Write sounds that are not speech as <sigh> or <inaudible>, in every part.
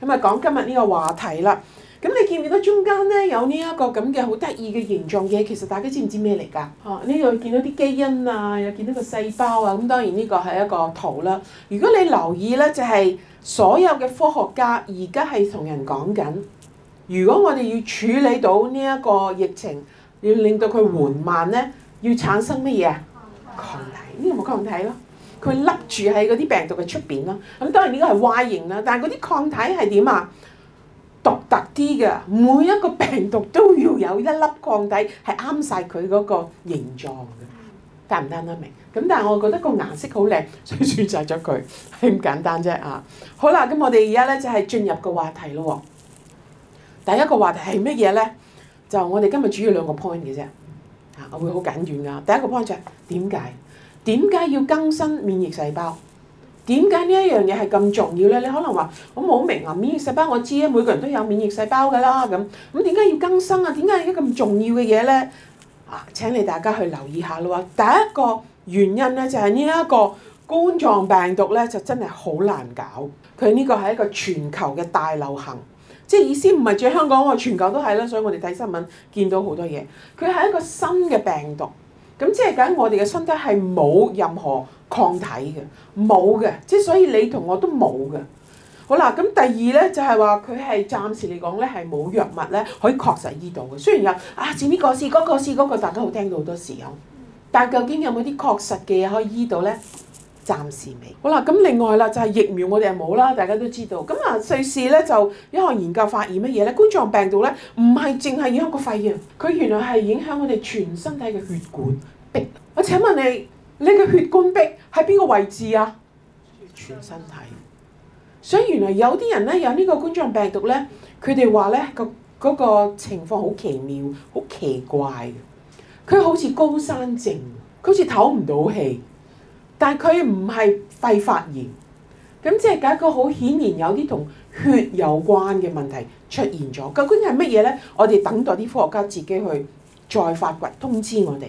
咁啊，講今日呢個話題啦。咁你見唔見到中間咧有呢一個咁嘅好得意嘅形狀嘅？其實大家知唔知咩嚟噶？哦、啊，呢度見到啲基因啊，又見到個細胞啊。咁當然呢個係一個圖啦。如果你留意咧，就係、是、所有嘅科學家而家係同人講緊，如果我哋要處理到呢一個疫情，要令到佢緩慢咧，要產生乜嘢啊？抗體，呢、這個咪抗體咯。佢笠住喺嗰啲病毒嘅出邊咯，咁當然呢個係 Y 型啦，但係嗰啲抗體係點啊？獨特啲嘅，每一個病毒都要有一粒抗體係啱晒佢嗰個形狀嘅，得唔得啦？明？咁但係我覺得個顏色好靚，所以選擇咗佢，係咁簡單啫啊！好啦，咁我哋而家咧就係進入個話題咯喎。第一個話題係乜嘢咧？就我哋今日主要兩個 point 嘅啫，嚇，我會好簡短噶。第一個 point 就係點解？點解要更新免疫細胞？點解呢一樣嘢係咁重要咧？你可能話我冇明啊！免疫細胞我知啊，每個人都有免疫細胞噶啦咁。咁點解要更新啊？點解而家咁重要嘅嘢咧？啊！請你大家去留意一下啦。第一個原因咧就係呢一個冠狀病毒咧，就真係好難搞。佢呢個係一個全球嘅大流行，即係意思唔係住香港喎，全球都係啦。所以我哋睇新聞見到好多嘢，佢係一個新嘅病毒。咁即係講我哋嘅身體係冇任何抗體嘅，冇嘅，即係所以你同我都冇嘅。好啦，咁第二咧就係話佢係暫時嚟講咧係冇藥物咧可以確實醫到嘅。雖然有啊似呢個似嗰個似嗰個，大家好聽到好多時咁，但究竟有冇啲確實嘅嘢可以醫到咧？暫時未好啦。咁另外啦，就係疫苗，我哋係冇啦，大家都知道。咁啊，瑞士咧就有一項研究發現乜嘢咧？冠狀病毒咧唔係淨係影響個肺嘅，佢原來係影響我哋全身體嘅血管壁。我請問你，你嘅血管壁喺邊個位置啊？全身體。所以原來有啲人咧有呢個冠狀病毒咧，佢哋話咧個嗰個情況好奇妙，好奇怪。佢好似高山症，佢好似唞唔到氣。但係佢唔係肺發炎，咁即係講佢好顯然有啲同血有關嘅問題出現咗。究竟係乜嘢咧？我哋等待啲科學家自己去再發掘通知我哋。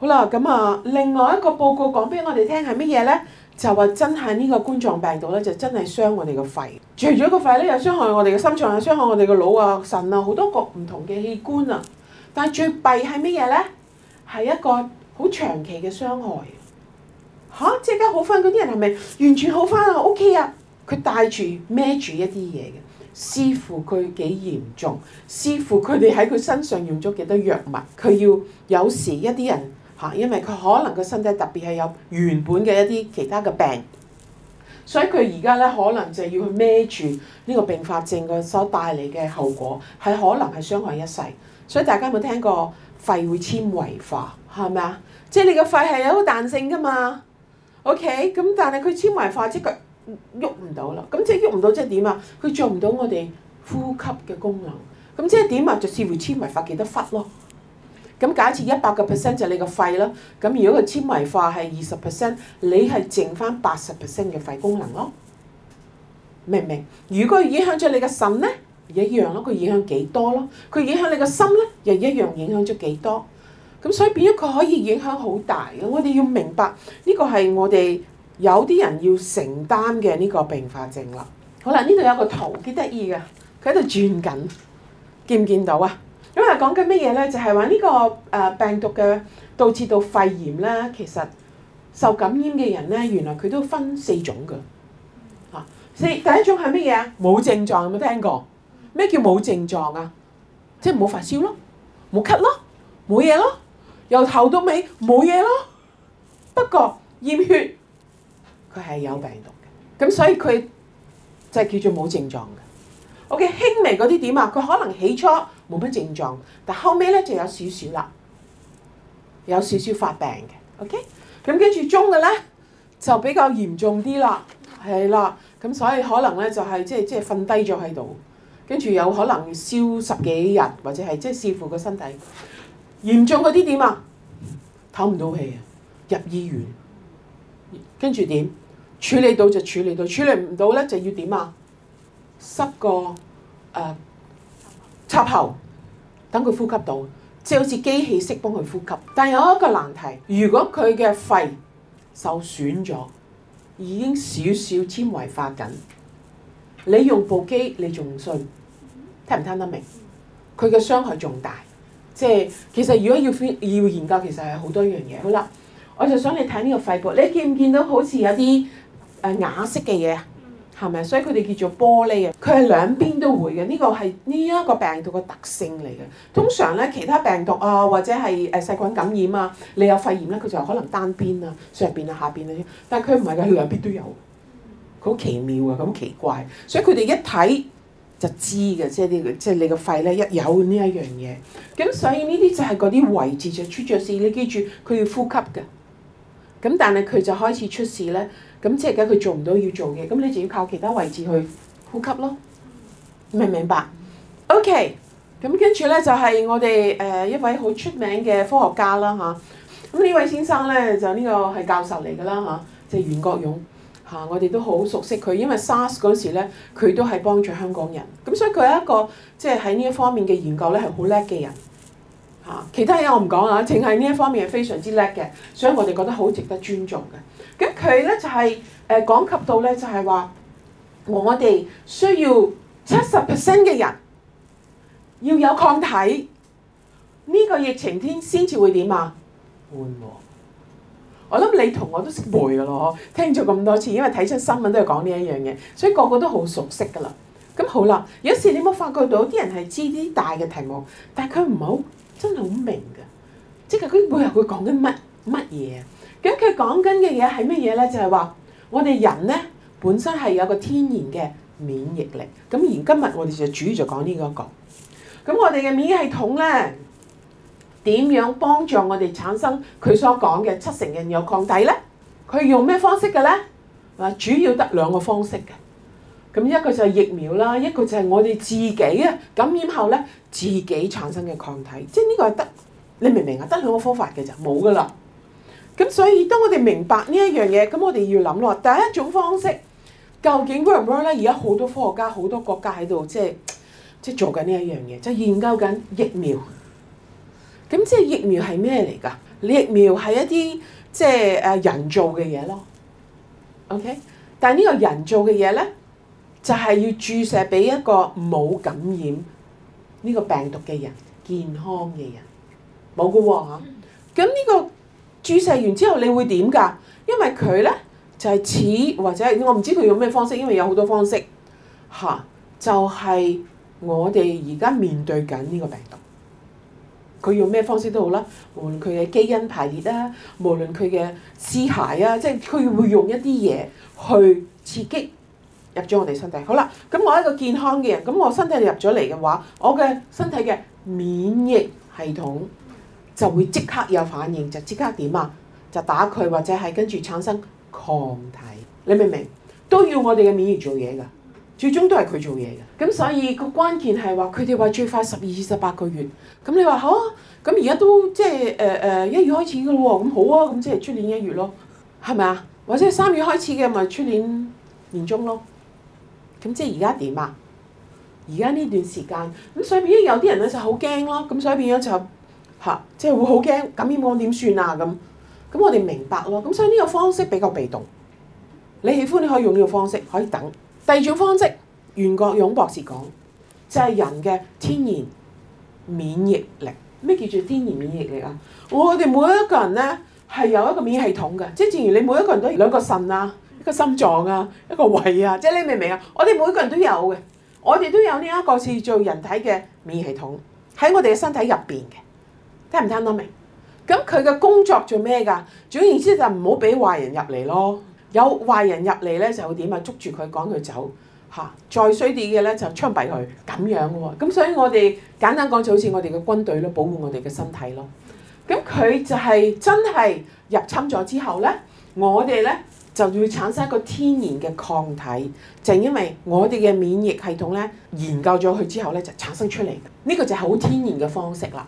好啦，咁啊，另外一個報告講俾我哋聽係乜嘢咧？就話真係呢個冠狀病毒咧，就真係傷我哋個肺。除咗個肺咧，又傷害我哋嘅心臟，又傷害我哋嘅腦啊、腎啊，好多個唔同嘅器官啊。但係最弊係乜嘢咧？係一個好長期嘅傷害。嚇，即刻好翻嗰啲人係咪完全好翻啊？O K 啊？佢帶住孭住一啲嘢嘅，似乎佢幾嚴重，似乎佢哋喺佢身上用咗幾多藥物。佢要有時一啲人、啊、因為佢可能個身體特別係有原本嘅一啲其他嘅病，所以佢而家咧可能就要去孭住呢個併發症嘅所帶嚟嘅後果，係可能係傷害一世。所以大家有冇聽過肺會纖維化？係咪啊？即係你個肺係有好彈性㗎嘛？OK。咁但係佢纖維化即刻喐唔到啦，咁即係喐唔到即係點啊？佢做唔到我哋呼吸嘅功能，咁即係點啊？就視乎纖維化幾多忽咯。咁假設一百個 percent 就係你個肺啦，咁如果佢纖維化係二十 percent，你係剩翻八十 percent 嘅肺功能咯。明唔明？如果影響咗你嘅腎咧，一樣咯，佢影響幾多咯？佢影響你嘅心咧，又一樣影響咗幾多？咁所以變咗佢可以影響好大嘅，我哋要明白呢個係我哋有啲人要承擔嘅呢個併發症啦。好啦，呢度有一個圖幾得意嘅，佢喺度轉緊，見唔見到啊？咁啊講緊咩嘢咧？就係話呢個誒病毒嘅導致到肺炎咧，其實受感染嘅人咧，原來佢都分四種㗎吓。四、啊、第一種係乜嘢啊？冇症狀有冇聽過？咩叫冇症狀啊？即係冇發燒咯，冇咳咯，冇嘢咯。由頭到尾冇嘢咯，不過驗血佢係有病毒嘅，咁所以佢就叫做冇症狀嘅。OK，輕微嗰啲點啊？佢可能起初冇乜症狀，但後尾咧就有少少啦，有少少發病嘅。OK，咁跟住中嘅咧就比較嚴重啲啦，係啦，咁所以可能咧就係即係即係瞓低咗喺度，跟住有可能燒十幾日或者係即係視乎個身體。嚴重嗰啲點啊？透唔到氣啊，入醫院，跟住點？處理到就處理到，處理唔到呢就要點啊？塞個、呃、插喉，等佢呼吸到，即好似機器式幫佢呼吸。但有一個難題，如果佢嘅肺受損咗，已經少少纖維化緊，你用部機你仲唔信？聽唔聽得明？佢嘅傷害仲大。即係其實如果要要研究，其實係好多樣嘢。好啦，我就想你睇呢個肺部，你見唔見到好似有啲誒啞色嘅嘢啊？係、呃、咪？所以佢哋叫做玻璃啊。佢係兩邊都會嘅，呢、這個係呢一個病毒嘅特性嚟嘅。通常咧，其他病毒啊、哦，或者係誒細菌感染啊，你有肺炎咧，佢就可能單邊啊，上邊啊、下邊啊，但係佢唔係嘅，係兩邊都有。佢好奇妙啊，咁奇怪，所以佢哋一睇。就知嘅，即係你，即係你個肺咧，一有呢一樣嘢，咁所以呢啲就係嗰啲位置就出咗事。你記住，佢要呼吸嘅，咁但係佢就開始出事咧，咁即係而家佢做唔到要做嘅，咁你就要靠其他位置去呼吸咯。明唔明白？OK，咁跟住咧就係我哋誒一位好出名嘅科學家啦吓，咁呢位先生咧就呢個係教授嚟嘅啦吓，即係袁國勇。啊！我哋都好熟悉佢，因為 SARS 嗰時咧，佢都係幫助香港人，咁所以佢係一個即係喺呢一方面嘅研究咧，係好叻嘅人。嚇，其他嘢我唔講啊，淨係呢一方面係非常之叻嘅，所以我哋覺得好值得尊重嘅。咁佢咧就係誒講及到咧，就係話我哋需要七十 percent 嘅人要有抗體，呢、這個疫情天先至會點啊？緩和。我諗你同我都識背噶咯，聽咗咁多次，因為睇出新聞都係講呢一樣嘢，所以個個都好熟悉噶啦。咁好啦，有時你冇發覺到啲人係知啲大嘅題目，但係佢唔好真係好明噶，即係佢每日佢講緊乜乜嘢？咁佢講緊嘅嘢係乜嘢咧？就係話我哋人咧本身係有個天然嘅免疫力。咁而今日我哋就主要就講呢個一個。咁我哋嘅免疫系統咧。點樣幫助我哋產生佢所講嘅七成人有抗體咧？佢用咩方式嘅咧？嗱，主要得兩個方式嘅。咁一個就係疫苗啦，一個就係我哋自己啊感染後咧自己產生嘅抗體。即係呢個係得你明唔明啊？得兩個方法嘅就冇噶啦。咁所以當我哋明白呢一樣嘢，咁我哋要諗落：第一種方式究竟 work 唔 work 咧？而家好多科學家、好多國家喺度即係即係做緊呢一樣嘢，即係研究緊疫苗。咁即係疫苗係咩嚟㗎？你疫苗係一啲即係誒人做嘅嘢咯，OK？但係呢個人做嘅嘢咧，就係要注射俾一個冇感染呢個病毒嘅人，健康嘅人，冇㗎喎嚇。咁呢個注射完之後，你會點㗎？因為佢咧就係似或者我唔知佢用咩方式，因為有好多方式嚇，就係我哋而家面對緊呢個病毒。佢用咩方式都好啦，無論佢嘅基因排列啦，無論佢嘅屍骸啊，即係佢會用一啲嘢去刺激入咗我哋身體。好啦，咁我係一個健康嘅人，咁我身體入咗嚟嘅話，我嘅身體嘅免疫系統就會即刻有反應，就即刻點啊？就打佢或者係跟住產生抗體，你明唔明？都要我哋嘅免疫做嘢㗎。最終都係佢做嘢嘅，咁所以個關鍵係話佢哋話最快十二至十八個月，咁你話好啊？咁而家都即係誒誒一月開始嘅咯喎，咁好啊，咁即係出年一月咯，係咪啊？或者係三月開始嘅，咪出年年中咯？咁即係而家點啊？而家呢段時間咁所以變咗有啲人咧就好驚咯，咁所以變咗就吓，即係會好驚感染我點算啊咁？咁我哋明白咯，咁所以呢個方式比較被動，你喜歡你可以用呢個方式可以等。第二種方式，袁國勇博士講就係、是、人嘅天然免疫力。咩叫做天然免疫力啊？我哋每一個人咧係有一個免疫系統嘅，即係正如你每一個人都有兩個腎啊，一個心臟啊，一個胃啊，即係你明唔明啊？我哋每個人都有嘅，我哋都有呢、這、一個叫做人體嘅免疫系統喺我哋嘅身體入邊嘅，聽唔聽到明？咁佢嘅工作做咩㗎？總言之就唔好俾壞人入嚟咯。有壞人入嚟咧，就會點啊？捉住佢，趕佢走、啊、再衰啲嘅咧，就槍斃佢。咁樣喎、哦。咁所以我哋簡單講就好似我哋嘅軍隊咯，保護我哋嘅身體咯。咁佢就係、是、真係入侵咗之後咧，我哋咧就會產生一個天然嘅抗體，就是、因為我哋嘅免疫系統咧研究咗佢之後咧，就產生出嚟。呢、這個就係好天然嘅方式啦。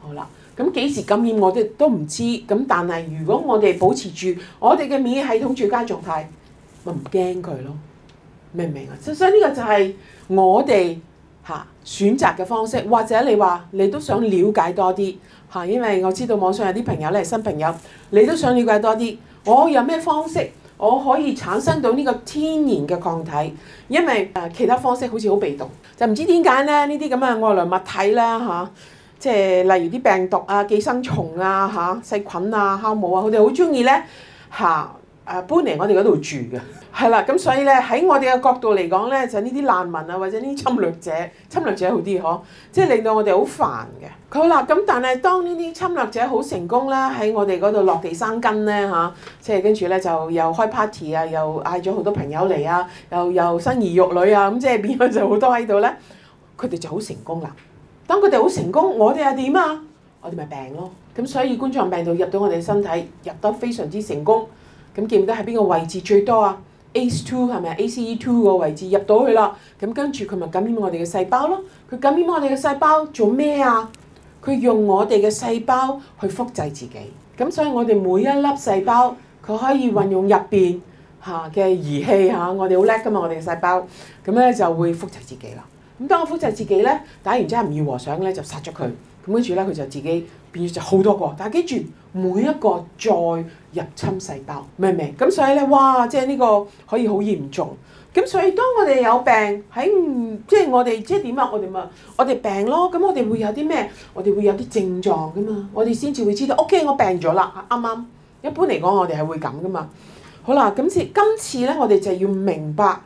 好啦。咁幾時感染我哋都唔知，咁但係如果我哋保持住我哋嘅免疫系統最佳狀態，咪唔驚佢咯？明唔明啊？所以呢個就係我哋、啊、選擇嘅方式，或者你話你都想了解多啲、啊、因為我知道網上有啲朋友咧你係新朋友，你都想了解多啲，我、哦、有咩方式我可以產生到呢個天然嘅抗體？因為、啊、其他方式好似好被動，就唔知點解咧呢啲咁嘅外來物體啦、啊即係例如啲病毒啊、寄生蟲啊、嚇細菌啊、酵母啊，佢哋好中意咧嚇誒搬嚟我哋嗰度住嘅。係 <laughs> 啦，咁所以咧喺我哋嘅角度嚟講咧，就呢啲難民啊，或者呢啲侵略者，侵略者好啲嗬，即係令到我哋好煩嘅。好啦，咁但係當呢啲侵略者好成功啦，喺我哋嗰度落地生根咧吓，即係跟住咧就又開 party 啊，又嗌咗好多朋友嚟啊，又又生兒育女啊，咁即係變咗就好多喺度咧，佢哋就好成功啦。當佢哋好成功，我哋又點啊？我哋咪病咯。咁所以冠狀病毒入到我哋身體，入得非常之成功。咁記唔記得喺邊個位置最多啊？ACE2 係咪？ACE2 個位置入到去啦。咁跟住佢咪感染我哋嘅細胞咯。佢感染我哋嘅細胞做咩啊？佢用我哋嘅細胞去複製自己。咁所以我哋每一粒細胞，佢可以運用入邊嚇嘅儀器嚇、啊，我哋好叻噶嘛，我哋嘅細胞。咁咧就會複製自己啦。咁當我複製自己咧，打完之後妙和尚咧就殺咗佢，咁跟住咧佢就自己變咗就好多個，但係跟住每一個再入侵細胞，明唔明？咁所以咧，哇！即係呢個可以好嚴重。咁所以當我哋有病喺、嗯，即係我哋即係點啊？我哋咪我哋病咯。咁我哋會有啲咩？我哋會有啲症狀噶嘛？我哋先至會知道。OK，我病咗啦，啱啱？一般嚟講，我哋係會咁噶嘛。好啦，咁次今次咧，我哋就要明白。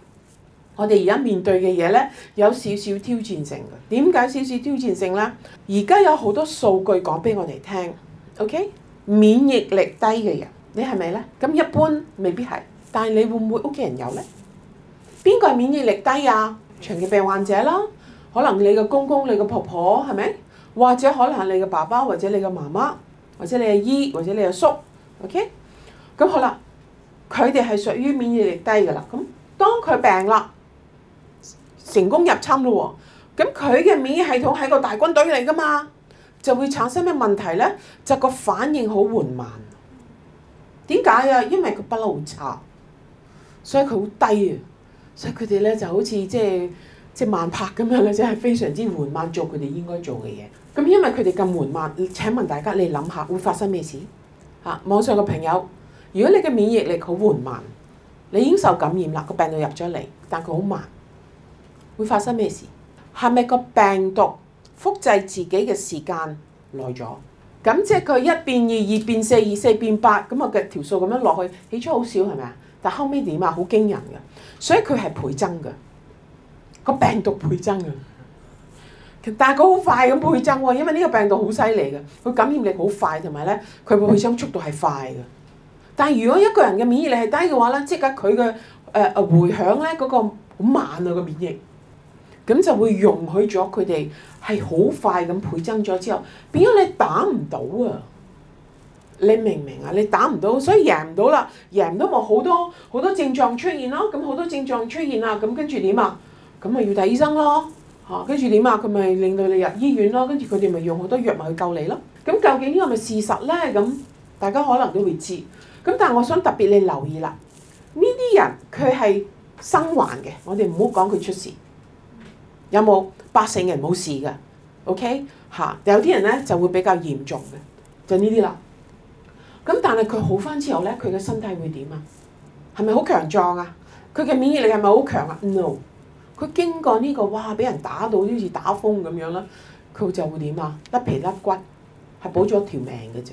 我哋而家面對嘅嘢咧，有少少挑戰性嘅。點解少少挑戰性咧？而家有好多數據講俾我哋聽，OK？免疫力低嘅人，你係咪咧？咁一般未必係，但係你會唔會屋企人有咧？邊個係免疫力低啊？長期病患者啦，可能你嘅公公、你嘅婆婆係咪？或者可能係你嘅爸爸，或者你嘅媽媽，或者你阿姨，或者你阿叔，OK？咁好啦，佢哋係屬於免疫力低㗎啦。咁當佢病啦。成功入侵咯喎，咁佢嘅免疫系統係個大軍隊嚟噶嘛，就會產生咩問題咧？就個反應好緩慢。點解啊？因為佢不嬲差，所以佢好低啊，所以佢哋咧就好似即係即係慢拍咁樣嘅，即係非常之緩慢做佢哋應該做嘅嘢。咁因為佢哋咁緩慢，請問大家你諗下會發生咩事？嚇，網上嘅朋友，如果你嘅免疫力好緩慢，你已經受感染啦，個病毒入咗嚟，但佢好慢。會發生咩事？係咪個病毒複製自己嘅時間耐咗？咁即係佢一變二，二變四，二四變八，咁啊嘅條數咁樣落去，起初好少，係咪啊？但後尾點啊？好驚人嘅，所以佢係倍增嘅，這個病毒倍增嘅。但係佢好快咁倍增喎，因為呢個病毒好犀利嘅，佢感染力好快，同埋咧佢倍增速度係快嘅。但係如果一個人嘅免疫力係低嘅話咧，即刻佢佢嘅誒回響咧嗰個好慢啊、嗰個免疫。咁就會容許咗佢哋係好快咁倍增咗之後，變咗你打唔到啊？你明唔明啊？你打唔到，所以贏唔到啦，贏都冇好多好多症狀出現咯。咁好多症狀出現啦，咁跟住點啊？咁咪要睇醫生咯，吓跟住點啊？佢咪令到你入醫院咯，跟住佢哋咪用好多藥物去救你咯。咁究竟呢個咪事實咧？咁大家可能都會知。咁但係我想特別你留意啦，呢啲人佢係生還嘅，我哋唔好講佢出事。有冇八成人冇事噶？OK 吓，有啲人咧就會比較嚴重嘅，就呢啲啦。咁但係佢好翻之後咧，佢嘅身體會點啊？係咪好強壯啊？佢嘅免疫力係咪好強啊？No，佢經過呢個哇，俾人打到好似打風咁樣啦，佢就會點啊？甩皮甩骨，係保咗條命嘅咋。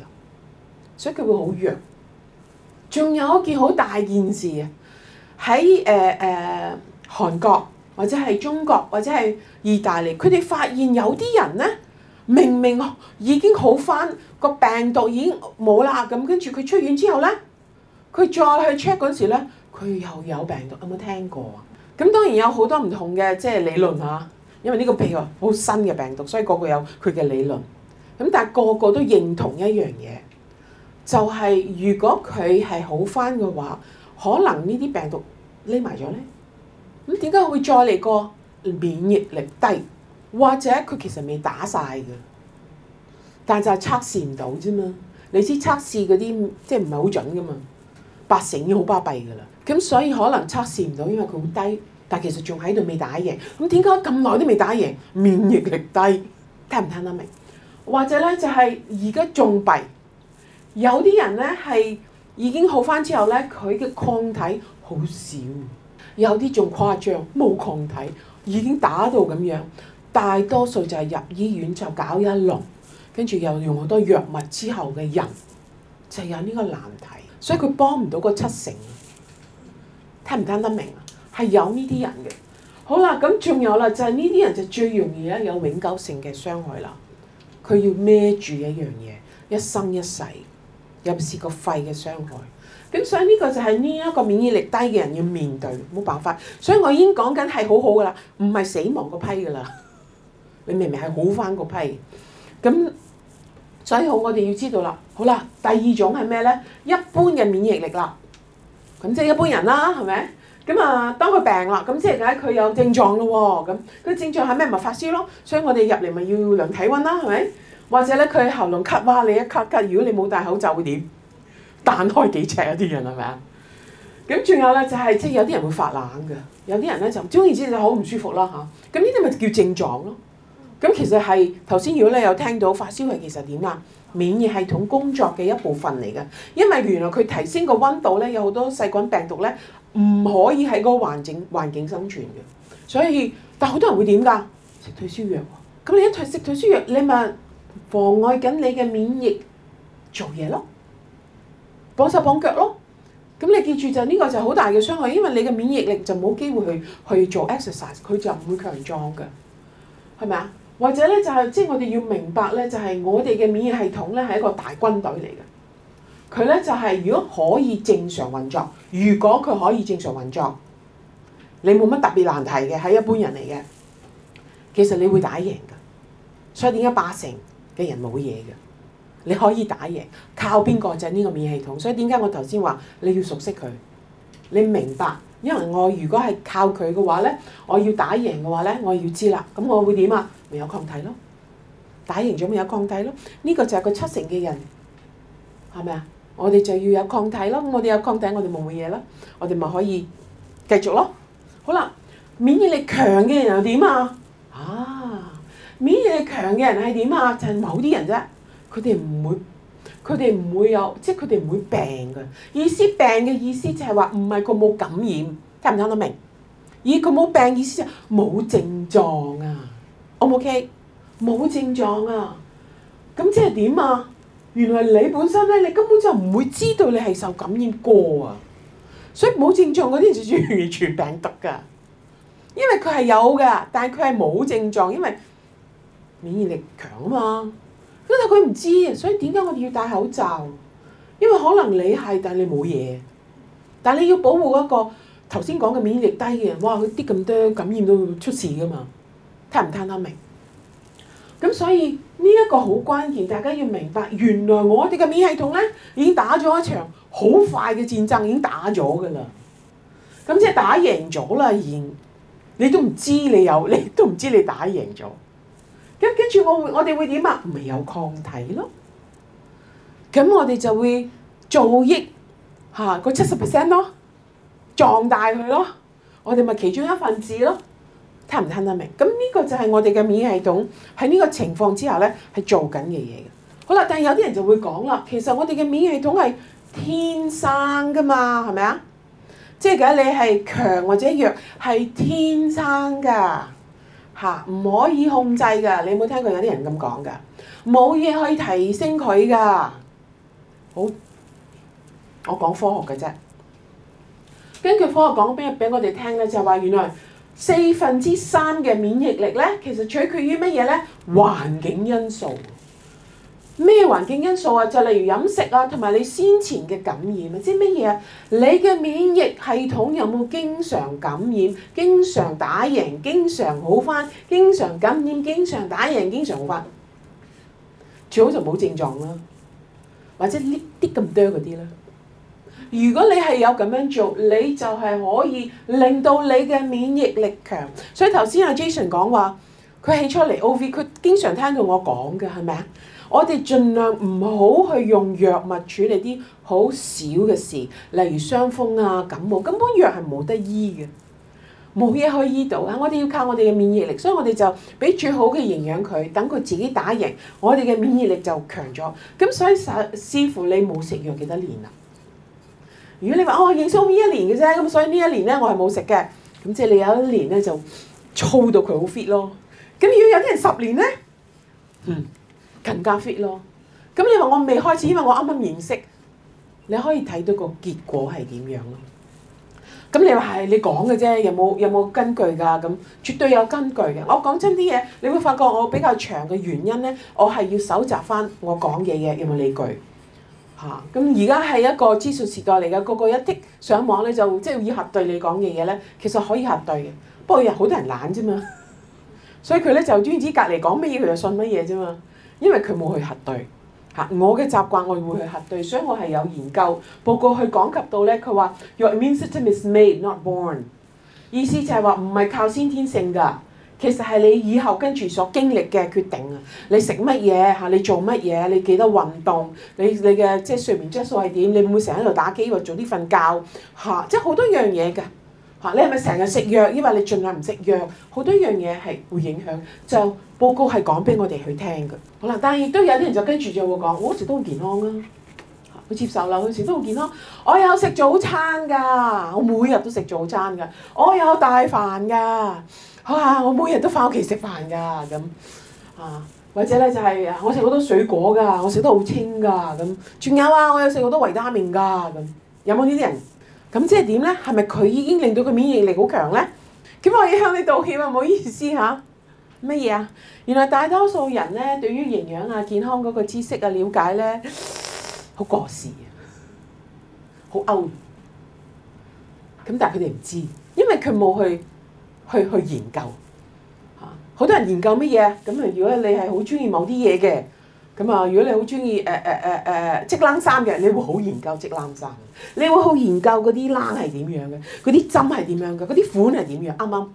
所以佢會好弱。仲有一件好大件事呀，喺誒誒韓國。或者係中國，或者係意大利，佢哋發現有啲人咧，明明已經好翻，個病毒已經冇啦，咁跟住佢出院之後咧，佢再去 check 嗰時咧，佢又有病毒，有冇聽過啊？咁當然有好多唔同嘅即係理論啊，因為呢個譬如話好新嘅病毒，所以個個有佢嘅理論。咁但係個個都認同一樣嘢，就係、是、如果佢係好翻嘅話，可能呢啲病毒匿埋咗咧。咁點解會再嚟過？免疫力低，或者佢其實未打晒嘅，但就係測試唔到啫嘛。你知測試嗰啲即係唔係好準㗎嘛？八成已經好巴閉㗎啦。咁所以可能測試唔到，因為佢好低，但其實仲喺度未打贏。咁點解咁耐都未打贏？免疫力低，聽唔聽得明？或者咧就係而家仲弊。有啲人咧係已經好返之後咧，佢嘅抗體好少。有啲仲誇張，冇抗體，已經打到咁樣，大多數就係入醫院就搞一籠，跟住又用好多藥物之後嘅人，就有呢個難題，所以佢幫唔到個七成，聽唔聽得明啊？係有呢啲人嘅，好啦，咁仲有啦，就係呢啲人就最容易咧有永久性嘅傷害啦，佢要孭住一樣嘢，一生一世，尤其是個肺嘅傷害。咁所以呢個就係呢一個免疫力低嘅人要面對，冇辦法。所以我已經講緊係好好噶啦，唔係死亡嗰批噶啦。你明唔明？係好翻嗰批。咁所以好我哋要知道啦。好啦，第二種係咩咧？一般嘅免疫力啦。咁即係一般人啦，係咪？咁啊，當佢病啦，咁即係解佢有症狀咯？喎，咁佢症狀係咩？咪發燒咯。所以我哋入嚟咪要量體溫啦，係咪？或者咧，佢喉嚨咳哇，你一咳咳，如果你冇戴口罩會點？彈開幾尺啊！啲人係咪啊？咁仲有咧，就係即係有啲人會發冷嘅，有啲人咧就唔總言之就好唔舒服啦吓，咁呢啲咪叫症狀咯。咁、啊、其實係頭先如果你有聽到發燒係其實點啊？免疫系統工作嘅一部分嚟嘅，因為原來佢提升個温度咧，有好多細菌病毒咧唔可以喺個環境環境生存嘅。所以但好多人會點㗎？食退燒藥喎、啊。咁你一退食退燒藥，你咪妨礙緊你嘅免疫做嘢咯。綁手綁腳咯，咁你記住就呢個就好大嘅傷害，因為你嘅免疫力就冇機會去去做 exercise，佢就唔會強壯嘅，係咪啊？或者咧就係即係我哋要明白咧，就係我哋嘅免疫系統咧係一個大軍隊嚟嘅，佢咧就係如果可以正常運作，如果佢可以正常運作，你冇乜特別難題嘅，係一般人嚟嘅，其實你會打贏嘅，所以點解八成嘅人冇嘢嘅？你可以打贏，靠邊個就係呢個免疫系統。所以點解我頭先話你要熟悉佢，你明白？因為我如果係靠佢嘅話咧，我要打贏嘅話咧，我要知啦。咁我會點啊？咪有抗體咯，打贏咗咪有抗體咯。呢個就係個七成嘅人，係咪啊？我哋就要有抗體咯。我哋有抗體，我哋冇嘢咯。我哋咪可以繼續咯。好啦，免疫力強嘅人又點啊？啊，免疫力強嘅人係點啊？就係某啲人啫。佢哋唔會，佢哋唔會有，即係佢哋唔會病嘅。意思病嘅意思就係話唔係佢冇感染，聽唔聽得明？咦，佢冇病意思就係冇症狀啊，O 唔 OK？冇症狀啊，咁 Okay?、啊、即係點啊？原來你本身咧，你根本就唔會知道你係受感染過啊！所以冇症狀嗰啲就完全病毒㗎，因為佢係有㗎，但係佢係冇症狀，因為免疫力強啊嘛。咁但佢唔知，所以點解我哋要戴口罩？因為可能你係，但係你冇嘢。但係你要保護一個頭先講嘅免疫力低嘅人，哇！佢啲咁多感染都會出事噶嘛？聽唔聽得明？咁所以呢一個好關鍵，大家要明白，原來我哋嘅免疫系統咧已經打咗一場好快嘅戰爭，已經打咗噶啦。咁即係打贏咗啦，然你都唔知你有，你都唔知你打贏咗。跟住我們會，我哋會點啊？咪有抗體咯。咁我哋就會造益嚇七十 percent 咯，壯大佢咯。我哋咪其中一份子咯。聽唔聽得明？咁呢個就係我哋嘅免疫系統喺呢個情況之下咧，係做緊嘅嘢嘅。好啦，但係有啲人就會講啦，其實我哋嘅免疫系統係天生噶嘛，係咪啊？即係嘅，你係強或者弱係天生㗎。嚇，唔可以控制㗎！你有冇聽過有啲人咁講㗎？冇嘢可以提升佢㗎，好，我講科學㗎啫。根據科學講俾我哋聽咧，就係話原來四分之三嘅免疫力咧，其實取決於乜嘢咧？環境因素。咩環境因素啊？就例如飲食啊，同埋你先前嘅感染啊，唔知乜嘢啊？你嘅免疫系統有冇經常感染？經常打贏，經常好翻，經常感染，經常打贏，經常好翻。最好就冇症狀啦，或者呢啲咁多嗰啲啦。如果你係有咁樣做，你就係可以令到你嘅免疫力強。所以頭先阿 Jason 講話，佢起初嚟 OV，佢經常聽到我講嘅係咪啊？是我哋儘量唔好去用藥物處理啲好少嘅事，例如傷風啊、感冒，根本藥係冇得醫嘅，冇嘢可以醫到啊！我哋要靠我哋嘅免疫力，所以我哋就俾最好嘅營養佢，等佢自己打贏。我哋嘅免疫力就強咗。咁所以實，師傅，你冇食藥幾多年啦。如果你話哦，我認輸呢一年嘅啫，咁所以呢一年咧，我係冇食嘅。咁即係你有一年咧就操到佢好 fit 咯。咁如果有啲人十年咧，嗯。更加 fit 咯，咁你話我未開始，因為我啱啱認識，你可以睇到個結果係點樣咯。咁你話係你講嘅啫，有冇有冇根據㗎？咁絕對有根據嘅。我講真啲嘢，你會發覺我比較長嘅原因咧，我係要搜集翻我講嘢嘅有冇理據。嚇、啊，咁而家係一個資訊時代嚟嘅，個個一啲上網咧就即係、就是、要核對你講嘅嘢咧，其實可以核對嘅，不過有好多人懶啫嘛，所以佢咧就專止隔籬講乜嘢，佢就信乜嘢啫嘛。因為佢冇去核對，我嘅習慣，我會去核對，所以我係有研究報告去講及到咧。佢話 i m u n e s t e m is made not born，意思就係話唔係靠先天性噶，其實係你以後跟住所經歷嘅決定啊。你食乜嘢嚇？你做乜嘢？你幾多運動？你你嘅即、就是、睡眠質素係點？你唔會成日喺度打機？或早啲瞓覺嚇？即係好多樣嘢㗎。你係咪成日食藥？因為你盡量唔食藥？好多樣嘢係會影響。就報告係講俾我哋去聽嘅。好啦，但係亦都有啲人就跟住就會講：我時都好健康啊！佢接受啦，佢時都好健康。我有食早餐㗎，我每日都食早餐㗎。我有大飯㗎。啊！我每日都翻屋企食飯㗎咁。啊！或者咧就係、是、我食好多水果㗎，我食得好清㗎咁。仲有啊，我有食好多維他命㗎咁。有冇呢啲人？咁即係點呢？係咪佢已經令到佢免疫力好強呢？咁我要向你道歉啊！唔好意思嚇、啊。乜嘢啊？原來大多數人對對於營養啊、健康嗰個知識啊、了解呢，好過時，好 out，但係佢哋唔知道，因為佢冇去去去研究。嚇！好多人研究乜嘢啊？咁啊，如果你係好中意某啲嘢嘅。咁啊、呃呃呃！如果你好中意誒誒誒誒織冷衫嘅，你會好研究織冷衫。你會好研究嗰啲冷係點樣嘅，嗰啲針係點樣嘅，嗰啲款係點樣？啱啱？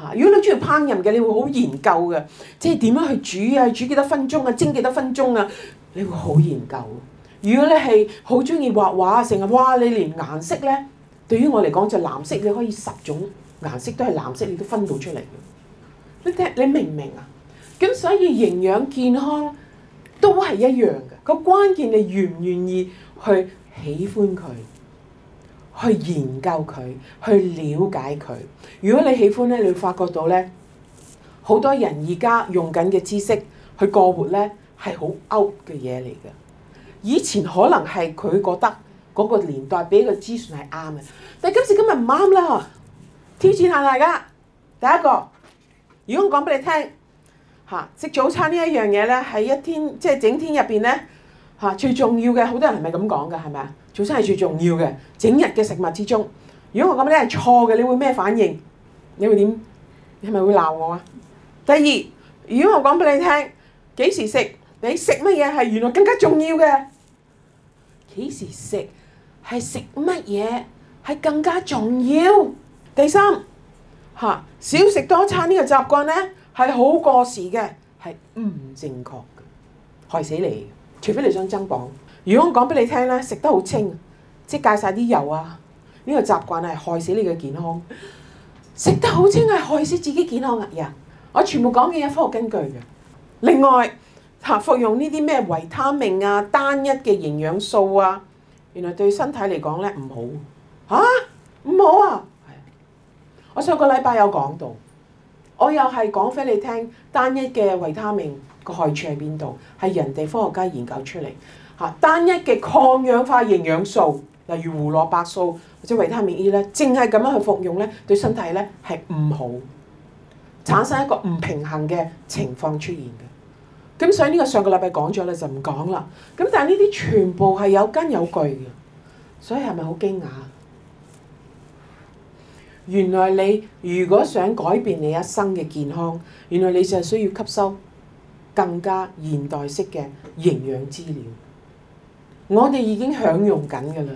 嚇！如果你中意烹飪嘅，你會好研究嘅，即係點樣去煮啊？煮幾多分鐘啊？蒸幾多分鐘啊？你會好研究。如果你係好中意畫畫，成日哇！你連顏色咧，對於我嚟講就藍色，你可以十種顏色都係藍色，你都分到出嚟嘅。你聽你明唔明啊？咁所以營養健康，都係一樣嘅，個關鍵你願唔願意去喜歡佢，去研究佢，去了解佢。如果你喜歡咧，你會發覺到咧，好多人而家用緊嘅知識去過活咧，係好 out 嘅嘢嚟嘅。以前可能係佢覺得嗰個年代俾個資訊係啱嘅，但係今時今日唔啱啦。挑戰一下大家，第一個，如果我講俾你聽。嚇！食早餐呢一樣嘢咧，喺一天即係整天入邊咧嚇，最重要嘅。好多人係咪咁講嘅？係咪啊？早餐係最重要嘅，整日嘅食物之中。如果我講俾你係錯嘅，你會咩反應？你會點？你係咪會鬧我啊？第二，如果我講俾你聽幾時食，你食乜嘢係原來更加重要嘅？幾時食係食乜嘢係更加重要？第三嚇，少食多餐呢個習慣咧，係好過時嘅，係唔正確嘅，害死你！除非你想增磅。如果我講俾你聽咧，食得好清，即戒晒啲油啊，呢、這個習慣係害死你嘅健康。食得好清係害死自己健康嘅嘢。我全部講嘅嘢有科學根據嘅。另外，吓服用呢啲咩維他命啊、單一嘅營養素啊，原來對身體嚟講咧唔好吓，唔、啊、好啊！我上個禮拜有講到。我又係講畀你聽，單一嘅維他命個害處喺邊度？係人哋科學家研究出嚟嚇，單一嘅抗氧化營養素，例如胡蘿蔔素或者維他命 E 咧，淨係咁樣去服用咧，對身體咧係唔好，產生一個唔平衡嘅情況出現嘅。咁所以呢個上個禮拜講咗咧，就唔講啦。咁但係呢啲全部係有根有據嘅，所以係咪好驚訝？原來你如果想改變你一生嘅健康，原來你就係需要吸收更加現代式嘅營養資料。我哋已經享用緊㗎啦。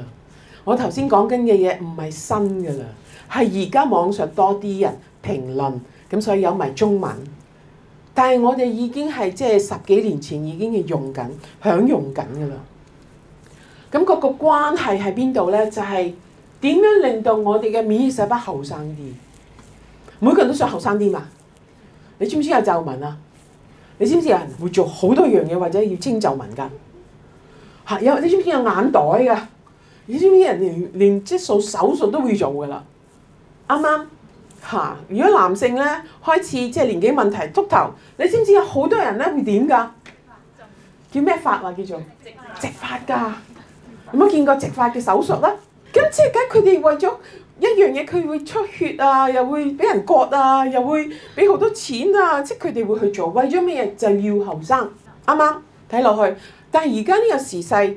我頭先講緊嘅嘢唔係新㗎啦，係而家網上多啲人評論，咁所以有埋中文。但係我哋已經係即係十幾年前已經係用緊、享用緊㗎啦。咁嗰個關係喺邊度咧？就係。點樣令到我哋嘅免疫細胞後生啲？每個人都想後生啲嘛？你知唔知有皺紋啊？你知唔知有人會做好多樣嘢，或者要清皺紋噶？嚇！有你知唔知有眼袋噶？你知唔知有人連連質素手術都會做噶啦？啱啱？嚇、啊！如果男性咧開始即係年紀問題，禿頭，你知唔知有好多人咧會點噶？叫咩法啊叫做植髮噶？植發有冇見過植髮嘅手術啊？咁即係，梗係佢哋為咗一樣嘢，佢會出血啊，又會俾人割啊，又會俾好多錢啊，即係佢哋會去做。為咗咩人就要後生？啱啱？睇落去。但係而家呢個時勢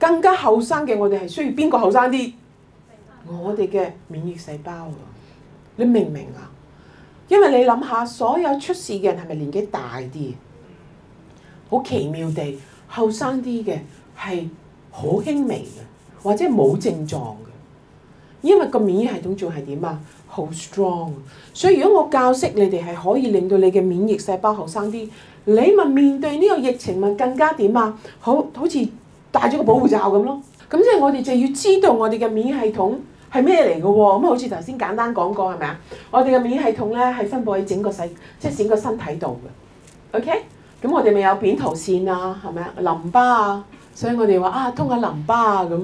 更加後生嘅，我哋係需要邊個後生啲？吧我哋嘅免疫細胞啊！你明唔明啊？因為你諗下，所有出事嘅人係咪年紀大啲？好奇妙地後生啲嘅係好輕微。嘅。或者冇症狀嘅，因為個免疫系統仲係點啊？好 strong，所以如果我教識你哋係可以令到你嘅免疫細胞後生啲，你咪面對呢個疫情咪更加點啊？好好似帶咗個保護罩咁咯。咁即係我哋就要知道我哋嘅免疫系統係咩嚟嘅喎？咁好似頭先簡單講過係咪啊？我哋嘅免疫系統咧係分布喺整個細即係整個身體度嘅。OK，咁我哋咪有扁桃腺啊，係咪啊？淋巴啊，所以我哋話啊，通下淋巴啊咁。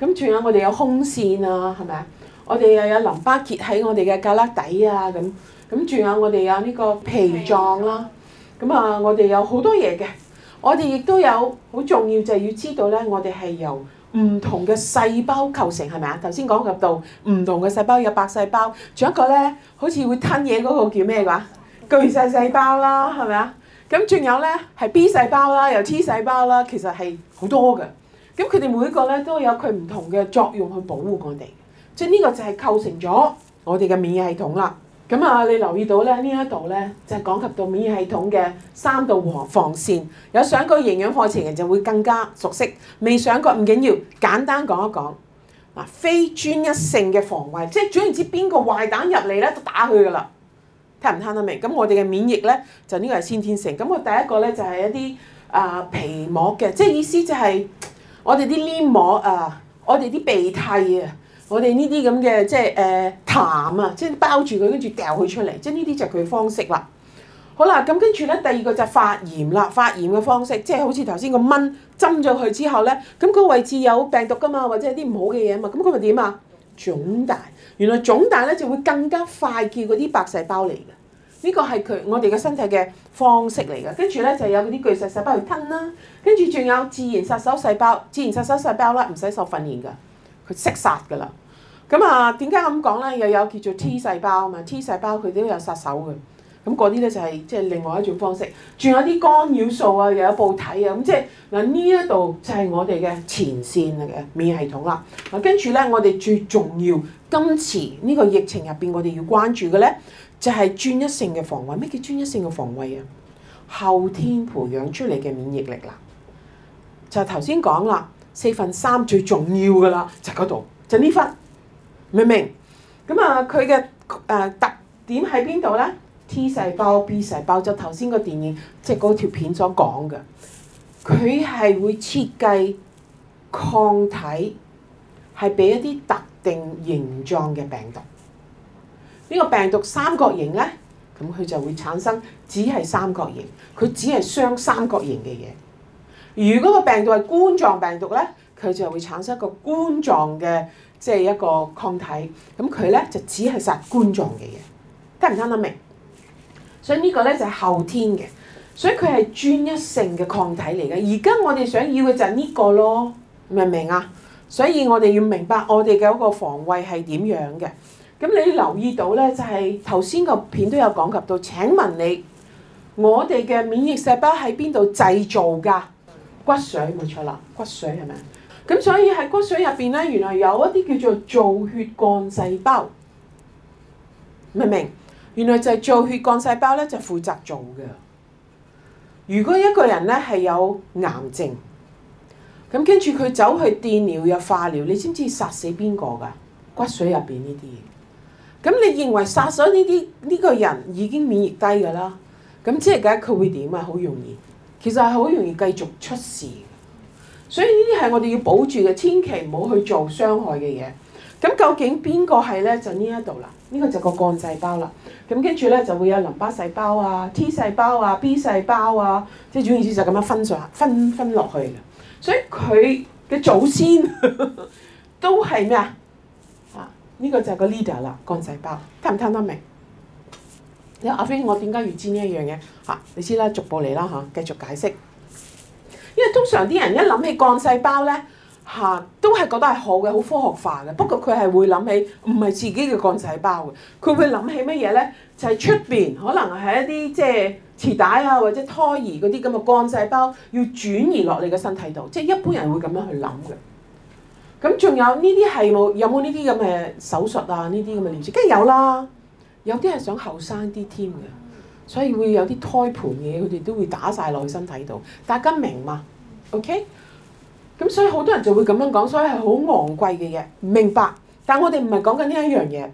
咁仲有我哋有胸腺啊，係咪啊？我哋又有淋巴結喺我哋嘅胳肋底啊，咁咁仲有我哋有呢個脾臟啦、啊。咁、嗯嗯、啊，我哋有好多嘢嘅。我哋亦都有好重要就係要知道咧，我哋係由唔同嘅細胞構成，係咪啊？頭先講入到唔同嘅細胞，有白細胞，仲有一個咧，好似會吞嘢嗰個叫咩嘅話？巨細細胞啦，係咪啊？咁、嗯、仲、嗯、有咧係 B 細胞啦，又 T 細胞啦，其實係好多㗎。咁佢哋每一個咧都有佢唔同嘅作用去保護我哋，即係呢個就係構成咗我哋嘅免疫系統啦。咁啊，你留意到咧呢一度咧就係講及到免疫系統嘅三道和防線。有上過營養課程嘅人就會更加熟悉，未上過唔緊要，簡單講一講。嗱，非專一性嘅防衛，即係總言之，邊個壞蛋入嚟咧都打佢噶啦。聽唔聽到未？咁我哋嘅免疫咧就呢個係先天性。咁我第一個咧就係一啲啊皮膜嘅，即係意思就係、是。我哋啲黏膜啊，我哋啲鼻涕啊，我哋呢啲咁嘅即係誒痰啊，即係包住佢跟住掉佢出嚟，即係呢啲就佢嘅方式啦。好啦，咁跟住咧第二個就係發炎啦，發炎嘅方式即係好似頭先個蚊針咗佢之後咧，咁個位置有病毒㗎嘛，或者有啲唔好嘅嘢啊嘛，咁佢咪點啊？腫大，原來腫大咧就會更加快叫嗰啲白細胞嚟㗎。呢個係佢我哋嘅身體嘅方式嚟嘅，跟住咧就有嗰啲巨噬細胞去吞啦，跟住仲有自然殺手細胞，自然殺手細胞咧唔使受訓練嘅，佢識殺㗎啦。咁啊，點解咁講咧？又有叫做 T 細胞啊嘛，T 細胞佢都有殺手嘅。咁嗰啲咧就係即係另外一種方式，仲有啲干擾素啊，又有補體啊。咁、嗯、即係嗱呢一度就係我哋嘅前線嚟嘅免疫系統啦。啊，跟住咧我哋最重要今次呢個疫情入邊，我哋要關注嘅咧。就係專一性嘅防衛，咩叫專一性嘅防衛啊？後天培養出嚟嘅免疫力啦，就頭先講啦，四分三最重要噶啦，就嗰度，就呢忽明唔明？咁啊，佢嘅誒特點喺邊度咧？T 細胞、B 細胞，就頭先個電影即係嗰條片所講嘅，佢係會設計抗體，係俾一啲特定形狀嘅病毒。呢個病毒三角形咧，咁佢就會產生只係三角形，佢只係雙三角形嘅嘢。如果個病毒係冠狀病毒咧，佢就會產生一個冠狀嘅，即係一個抗體。咁佢咧就只係殺冠狀嘅嘢，聽唔聽得明？所以呢個咧就係後天嘅，所以佢係專一性嘅抗體嚟嘅。而家我哋想要嘅就係呢個咯，明唔明啊？所以我哋要明白我哋嘅嗰個防衞係點樣嘅。咁你留意到咧，就係頭先個片都有講及到。請問你，我哋嘅免疫細胞喺邊度製造㗎？骨髓，冇錯啦，骨髓係咪？咁所以喺骨髓入邊咧，原來有一啲叫做造血幹細胞。明唔明？原來就係造血幹細胞咧，就負責做嘅。如果一個人咧係有癌症，咁跟住佢走去電療又化療，你知唔知殺死邊個㗎？骨髓入邊呢啲嘢。咁你認為殺咗呢啲呢個人已經免疫低噶啦，咁即係解佢會點啊？好容易，其實係好容易繼續出事。所以呢啲係我哋要保住嘅，千祈唔好去做傷害嘅嘢。咁究竟邊個係咧？就呢一度啦，呢個就個幹細胞啦。咁跟住咧就會有淋巴細胞啊、T 細胞啊、B 細胞啊，即係總言之就咁樣分上分分落去。所以佢嘅祖先呵呵都係咩啊？呢個就係個 leader 啦，幹細胞，聽唔聽得明？你話阿飛，我點解要知呢一樣嘢？嚇、啊，你知啦，逐步嚟啦嚇，繼、啊、續解釋。因為通常啲人一諗起幹細胞咧，嚇、啊、都係覺得係好嘅，好科學化嘅。不過佢係會諗起唔係自己嘅幹細胞嘅，佢會諗起乜嘢咧？就係出邊可能係一啲即係臍帶啊或者胎兒嗰啲咁嘅幹細胞要轉移落你嘅身體度，即、就、係、是、一般人會咁樣去諗嘅。咁仲有呢啲係冇有冇呢啲咁嘅手術啊？呢啲咁嘅廉治，梗係有啦。有啲係想後生啲添嘅，所以會有啲胎盤嘢，佢哋都會打晒落去身體度。大家明嘛？OK？咁所以好多人就會咁樣講，所以係好昂貴嘅嘢。唔明白？但係我哋唔係講緊呢一樣嘢，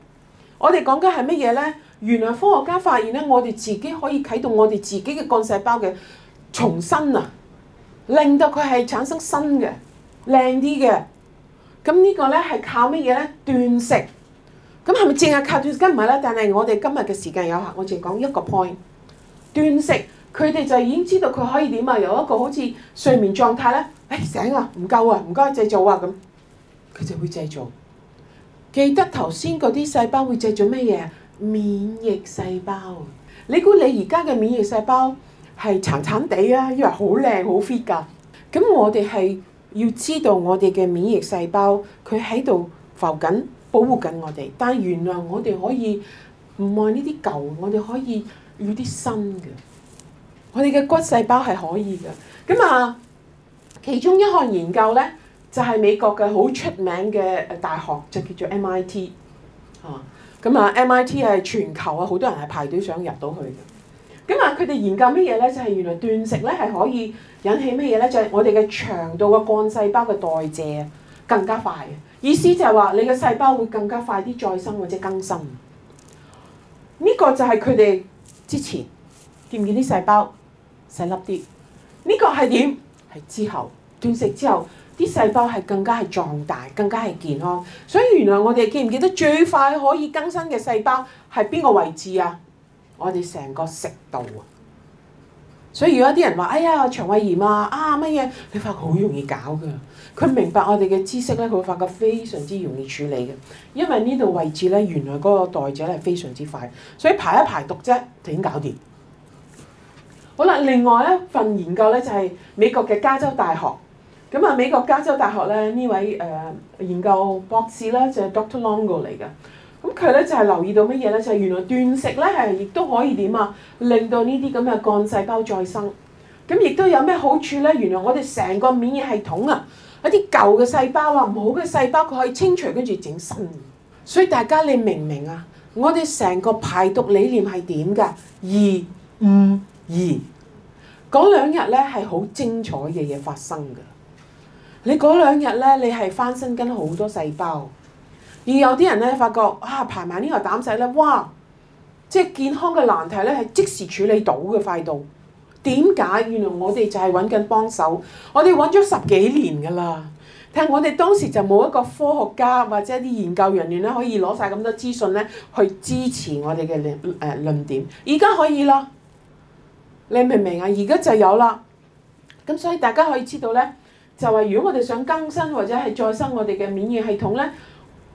我哋講緊係乜嘢咧？原來科學家發現咧，我哋自己可以啟動我哋自己嘅幹細胞嘅重生啊，令到佢係產生新嘅靚啲嘅。咁呢個咧係靠乜嘢咧？斷食，咁係咪淨係靠斷食？梗唔係啦，但係我哋今日嘅時間有限，我淨係講一個 point。斷食，佢哋就已經知道佢可以點啊？有一個好似睡眠狀態咧，哎醒啊，唔夠啊，唔該製造啊咁，佢就會製造。記得頭先嗰啲細胞會製造乜嘢？免疫細胞。你估你而家嘅免疫細胞係殘殘地啊，因為好靚好 fit 㗎？咁我哋係。要知道我哋嘅免疫細胞佢喺度浮緊保護緊我哋，但係原來我哋可以唔愛呢啲舊，我哋可以要啲新嘅。我哋嘅骨細胞係可以嘅，咁啊，其中一項研究咧就係、是、美國嘅好出名嘅誒大學，就叫做 MIT。啊，咁啊，MIT 係全球啊，好多人係排隊想入到去嘅。咁啊，佢哋研究乜嘢咧？就係、是、原來斷食咧，係可以引起乜嘢咧？就係、是、我哋嘅腸道嘅幹細胞嘅代謝啊，更加快。意思就係話你嘅細胞會更加快啲再生或者更新。呢個就係佢哋之前見唔見啲細胞細粒啲？呢個係點？係之後斷食之後，啲細胞係更加係壯大，更加係健康。所以原來我哋記唔記得最快可以更新嘅細胞係邊個位置啊？我哋成個食道啊，所以如果啲人話：哎呀，腸胃炎啊，啊乜嘢？你發覺好容易搞噶。佢明白我哋嘅知識咧，佢會發覺非常之容易處理嘅。因為呢度位置咧，原來嗰個代謝咧係非常之快，所以排一排毒啫，就已經搞掂。好啦，另外一份研究咧就係美國嘅加州大學。咁啊，美國加州大學咧呢位誒、呃、研究博士咧就係 Doctor Longo 嚟嘅。佢咧就係留意到乜嘢咧？就係原來斷食咧係亦都可以點啊，令到呢啲咁嘅幹細胞再生。咁亦都有咩好處咧？原來我哋成個免疫系統啊，一啲舊嘅細胞啊，唔好嘅細胞，佢可以清除跟住整新。所以大家你明唔明啊？我哋成個排毒理念係點㗎？二五二嗰兩日咧係好精彩嘅嘢發生㗎。你嗰兩日咧，你係翻新緊好多細胞。而有啲人咧發覺，哇，排埋呢個膽仔咧，哇！即係健康嘅難題咧，係即時處理到嘅快到。點解？原來我哋就係揾緊幫手，我哋揾咗十幾年噶啦。但係，我哋當時就冇一個科學家或者啲研究人員咧，可以攞晒咁多資訊咧去支持我哋嘅論誒論點。而家可以啦，你明唔明啊？而家就有啦。咁所以大家可以知道咧，就係如果我哋想更新或者係再生我哋嘅免疫系統咧。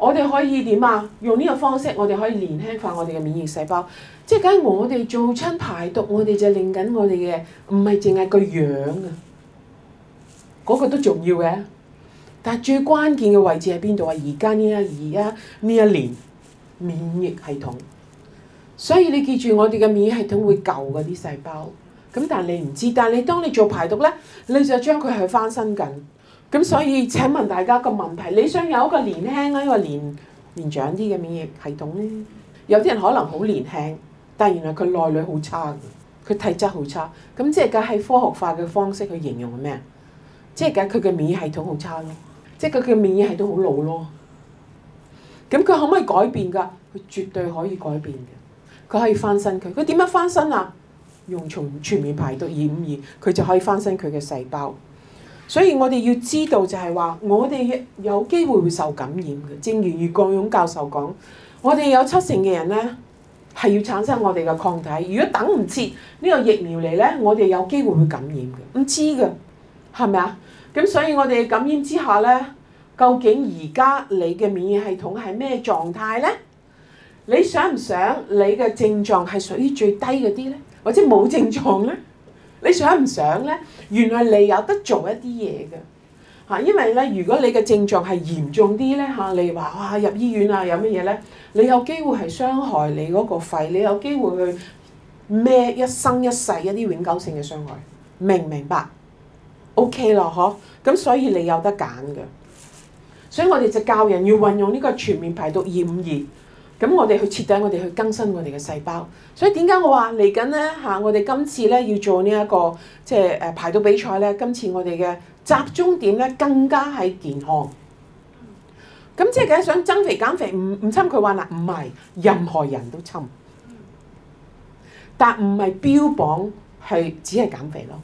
我哋可以點啊？用呢個方式，我哋可以年輕化我哋嘅免疫細胞。即係假如我哋做親排毒，我哋就令緊我哋嘅唔係淨係個樣啊，嗰個都重要嘅。但係最關鍵嘅位置喺邊度啊？而家呢一而家呢一年免疫系統，所以你記住，我哋嘅免疫系統會舊嗰啲細胞。咁但係你唔知，但係你當你做排毒咧，你就將佢去翻新緊。咁所以請問大家個問題，你想有一個年輕咧，一個年年長啲嘅免疫系統咧？有啲人可能好年輕，但係原來佢內裏好差嘅，佢體質好差。咁即係梗係科學化嘅方式去形容係咩？即係梗係佢嘅免疫系統好差咯，即係佢嘅免疫系統好老咯。咁佢可唔可以改變㗎？佢絕對可以改變嘅，佢可以翻身。佢佢點樣翻身啊？用從全面排毒二五二，佢就可以翻身佢嘅細胞。所以我哋要知道就係話，我哋有機會會受感染嘅。正如余國勇教授講，我哋有七成嘅人咧係要產生我哋嘅抗體。如果等唔切呢個疫苗嚟咧，我哋有機會會感染嘅，唔知嘅係咪啊？咁所以我哋感染之下咧，究竟而家你嘅免疫系統係咩狀態咧？你想唔想你嘅症狀係屬於最低嗰啲咧，或者冇症狀咧？你想唔想咧？原來你有得做一啲嘢嘅嚇，因為咧，如果你嘅症狀係嚴重啲咧嚇，你話哇入醫院啊，有乜嘢咧？你有機會係傷害你嗰個肺，你有機會去孭一生一世一啲永久性嘅傷害，明唔明白？OK 咯，嗬，咁所以你有得揀嘅，所以我哋就教人要運用呢個全面排毒二五二。咁我哋去徹底，我哋去更新我哋嘅細胞。所以點解我話嚟緊咧我哋今次咧要做呢一個即係排毒比賽咧。今次我哋嘅集中點咧更加係健康。咁即係梗係想增肥減肥唔唔侵佢話啦，唔係任何人都侵。但唔係標榜去只係減肥咯。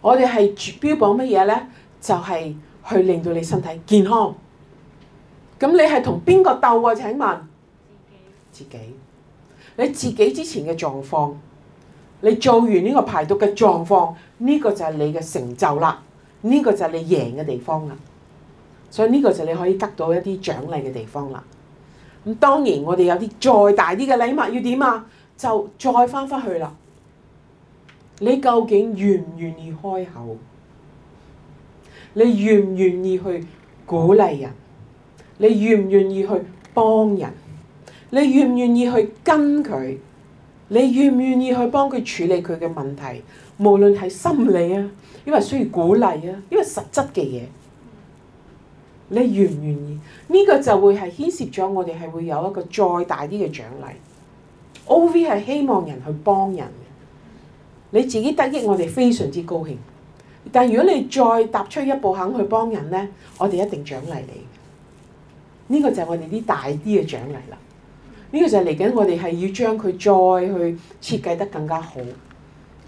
我哋係標榜乜嘢咧？就係去令到你身體健康。咁你係同邊個鬥啊？請問？自己，你自己之前嘅狀況，你做完呢個排毒嘅狀況，呢個就係你嘅成就啦，呢個就係你贏嘅地方啦，所以呢個就你可以得到一啲獎勵嘅地方啦。咁當然我哋有啲再大啲嘅禮物要點啊？就再翻翻去啦。你究竟願唔願意開口？你願唔願意去鼓勵人？你願唔願意去幫人？你願唔願意去跟佢？你願唔願意去幫佢處理佢嘅問題？無論係心理啊，因為需要鼓勵啊，因為實質嘅嘢，你願唔願意？呢個就會係牽涉咗我哋係會有一個再大啲嘅獎勵。OV 係希望人去幫人嘅，你自己得益，我哋非常之高興。但係如果你再踏出一步，肯去幫人咧，我哋一定獎勵你。呢個就係我哋啲大啲嘅獎勵啦。呢個就係嚟緊，我哋係要將佢再去設計得更加好。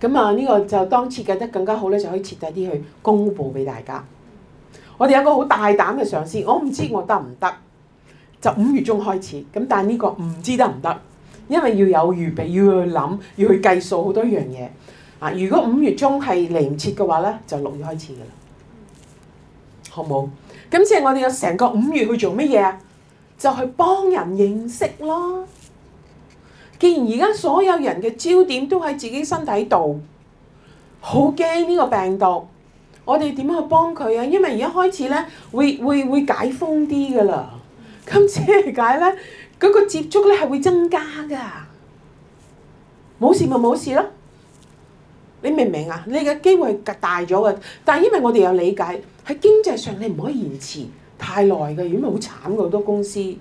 咁啊，呢個就當設計得更加好咧，就可以設計啲去公佈俾大家。我哋有個好大膽嘅嘗試，我唔知我得唔得。就五月中開始，咁但係呢個唔知得唔得，因為要有預備，要去諗，要去計數好多樣嘢。啊，如果五月中係嚟唔切嘅話咧，就六月開始㗎喇。好冇？咁即係我哋有成個五月去做乜嘢啊？就去幫人認識咯。既然而家所有人嘅焦點都喺自己身體度，好驚呢個病毒，我哋點樣去幫佢啊？因為而家開始咧，會會會解封啲㗎喇。今次嚟解咧，嗰個接觸咧係會增加㗎。冇事咪冇事咯。你明唔明啊？你嘅機會係大咗嘅，但係因為我哋有理解，喺經濟上你唔可以延遲太耐嘅，因為好慘嘅，好多公司，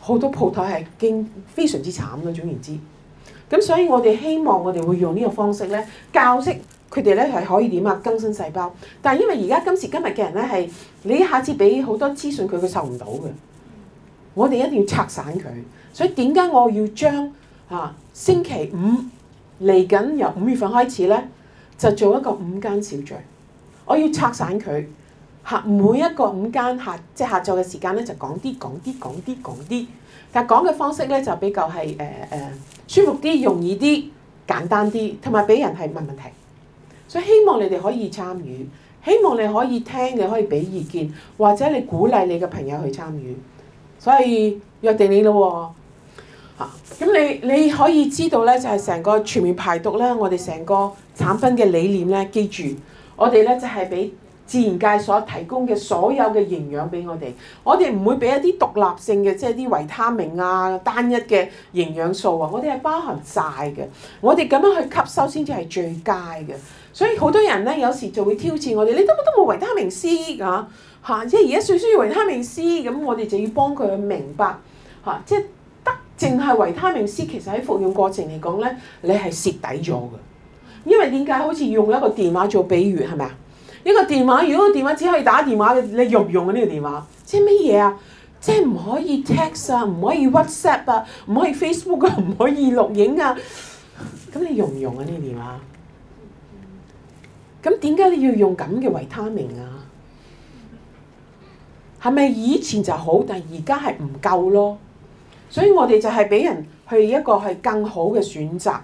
好多鋪頭係經非常之慘啦。總言之，咁所以我哋希望我哋會用呢個方式咧，教識佢哋咧係可以點啊更新細胞。但係因為而家今時今日嘅人咧係，你一下子俾好多資訊佢，佢受唔到嘅。我哋一定要拆散佢，所以點解我要將嚇、啊、星期五嚟緊由五月份開始咧，就做一個五間小聚，我要拆散佢。每一個午間客，即係下載嘅，就是、時間咧就講啲講啲講啲講啲，但係講嘅方式咧就比較係誒誒舒服啲、容易啲、簡單啲，同埋俾人係問問題。所以希望你哋可以參與，希望你可以聽嘅可以俾意見，或者你鼓勵你嘅朋友去參與。所以約定你咯喎吓，咁你你可以知道咧就係，是、成個全面排毒啦，我哋成個產品嘅理念咧，記住我哋咧就係俾。自然界所提供嘅所有嘅營養俾我哋，我哋唔會俾一啲獨立性嘅，即係啲維他命啊、單一嘅營養素啊，我哋係包含晒嘅。我哋咁樣去吸收先至係最佳嘅。所以好多人咧，有時就會挑戰我哋：你根本都冇維他命 C 㗎啊嚇！即係而家最需要維他命 C，咁我哋就要幫佢明白嚇。即係得淨係維他命 C，其實喺服用過程嚟講咧，你係蝕底咗嘅。因為點解好似用一個電話做比喻係咪啊？呢個電話，如果個電話只可以打電話，你用唔用啊？呢個電話即係乜嘢啊？即係唔可以 text 啊，唔可以 WhatsApp 啊，唔可以 Facebook 啊，唔可以錄影啊。咁你用唔用啊？呢個電話？咁點解你要用咁嘅維他命啊？係咪以前就好，但而家係唔夠咯？所以我哋就係俾人去一個係更好嘅選擇。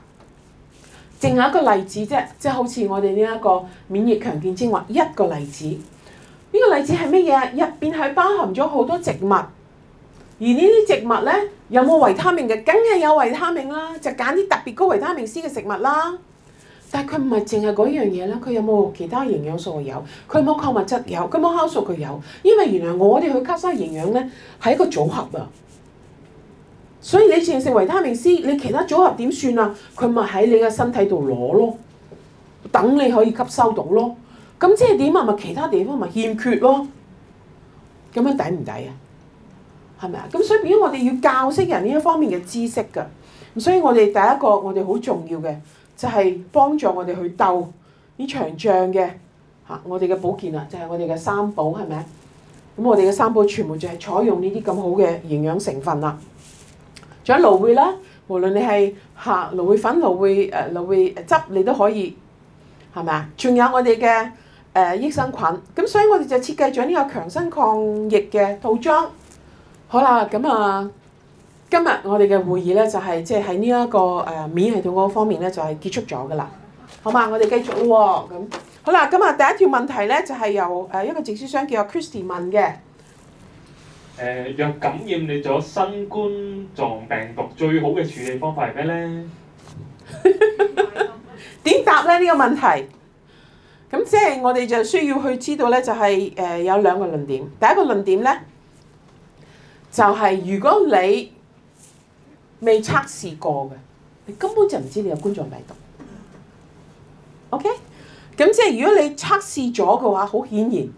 淨係一個例子啫，即係好似我哋呢一個免疫強健精華一個例子。呢個例子係乜嘢？入邊係包含咗好多植物，而呢啲植物咧有冇維他命嘅？梗係有維他命啦，就揀啲特別高維他命 C 嘅食物啦。但係佢唔係淨係嗰樣嘢啦，佢有冇其他營養素？有，佢冇礦物質有？佢冇酵素佢有。因為原來我哋去吸收營養咧係一個組合啊。所以你淨係食維他命 C，你其他組合點算啊？佢咪喺你嘅身體度攞咯，等你可以吸收到咯。咁即係點啊？咪其他地方咪欠缺咯。咁樣抵唔抵啊？係咪啊？咁所以變咗我哋要教識人呢一方面嘅知識㗎。咁所以我哋第一個我哋好重要嘅就係幫助我哋去鬥呢場仗嘅嚇。我哋嘅保健啊，就係、是、我哋嘅三寶係咪啊？咁我哋嘅三寶全部就係採用呢啲咁好嘅營養成分啦。仲有蘆薈啦，無論你係嚇蘆薈粉、蘆薈，誒蘆薈汁，你都可以係咪啊？仲有我哋嘅誒益生菌，咁所以我哋就設計咗呢個強身抗疫嘅套裝。好啦，咁啊，今日我哋嘅會議咧就係即係喺呢一個誒、呃、免疫系統嗰方面咧就係、是、結束咗噶啦。好嘛，我哋繼續喎、哦。咁好啦，咁啊第一條問題咧就係、是、由誒一個直銷商叫做 Christy 問嘅。誒若感染你咗新冠狀病毒，最好嘅處理方法係咩呢？點 <laughs> 答呢？呢、這個問題？咁即係我哋就需要去知道呢，就係、是、誒、呃、有兩個論點。第一個論點呢，就係、是、如果你未測試過嘅，你根本就唔知你有冠狀病毒。OK，咁即係如果你測試咗嘅話，好顯然。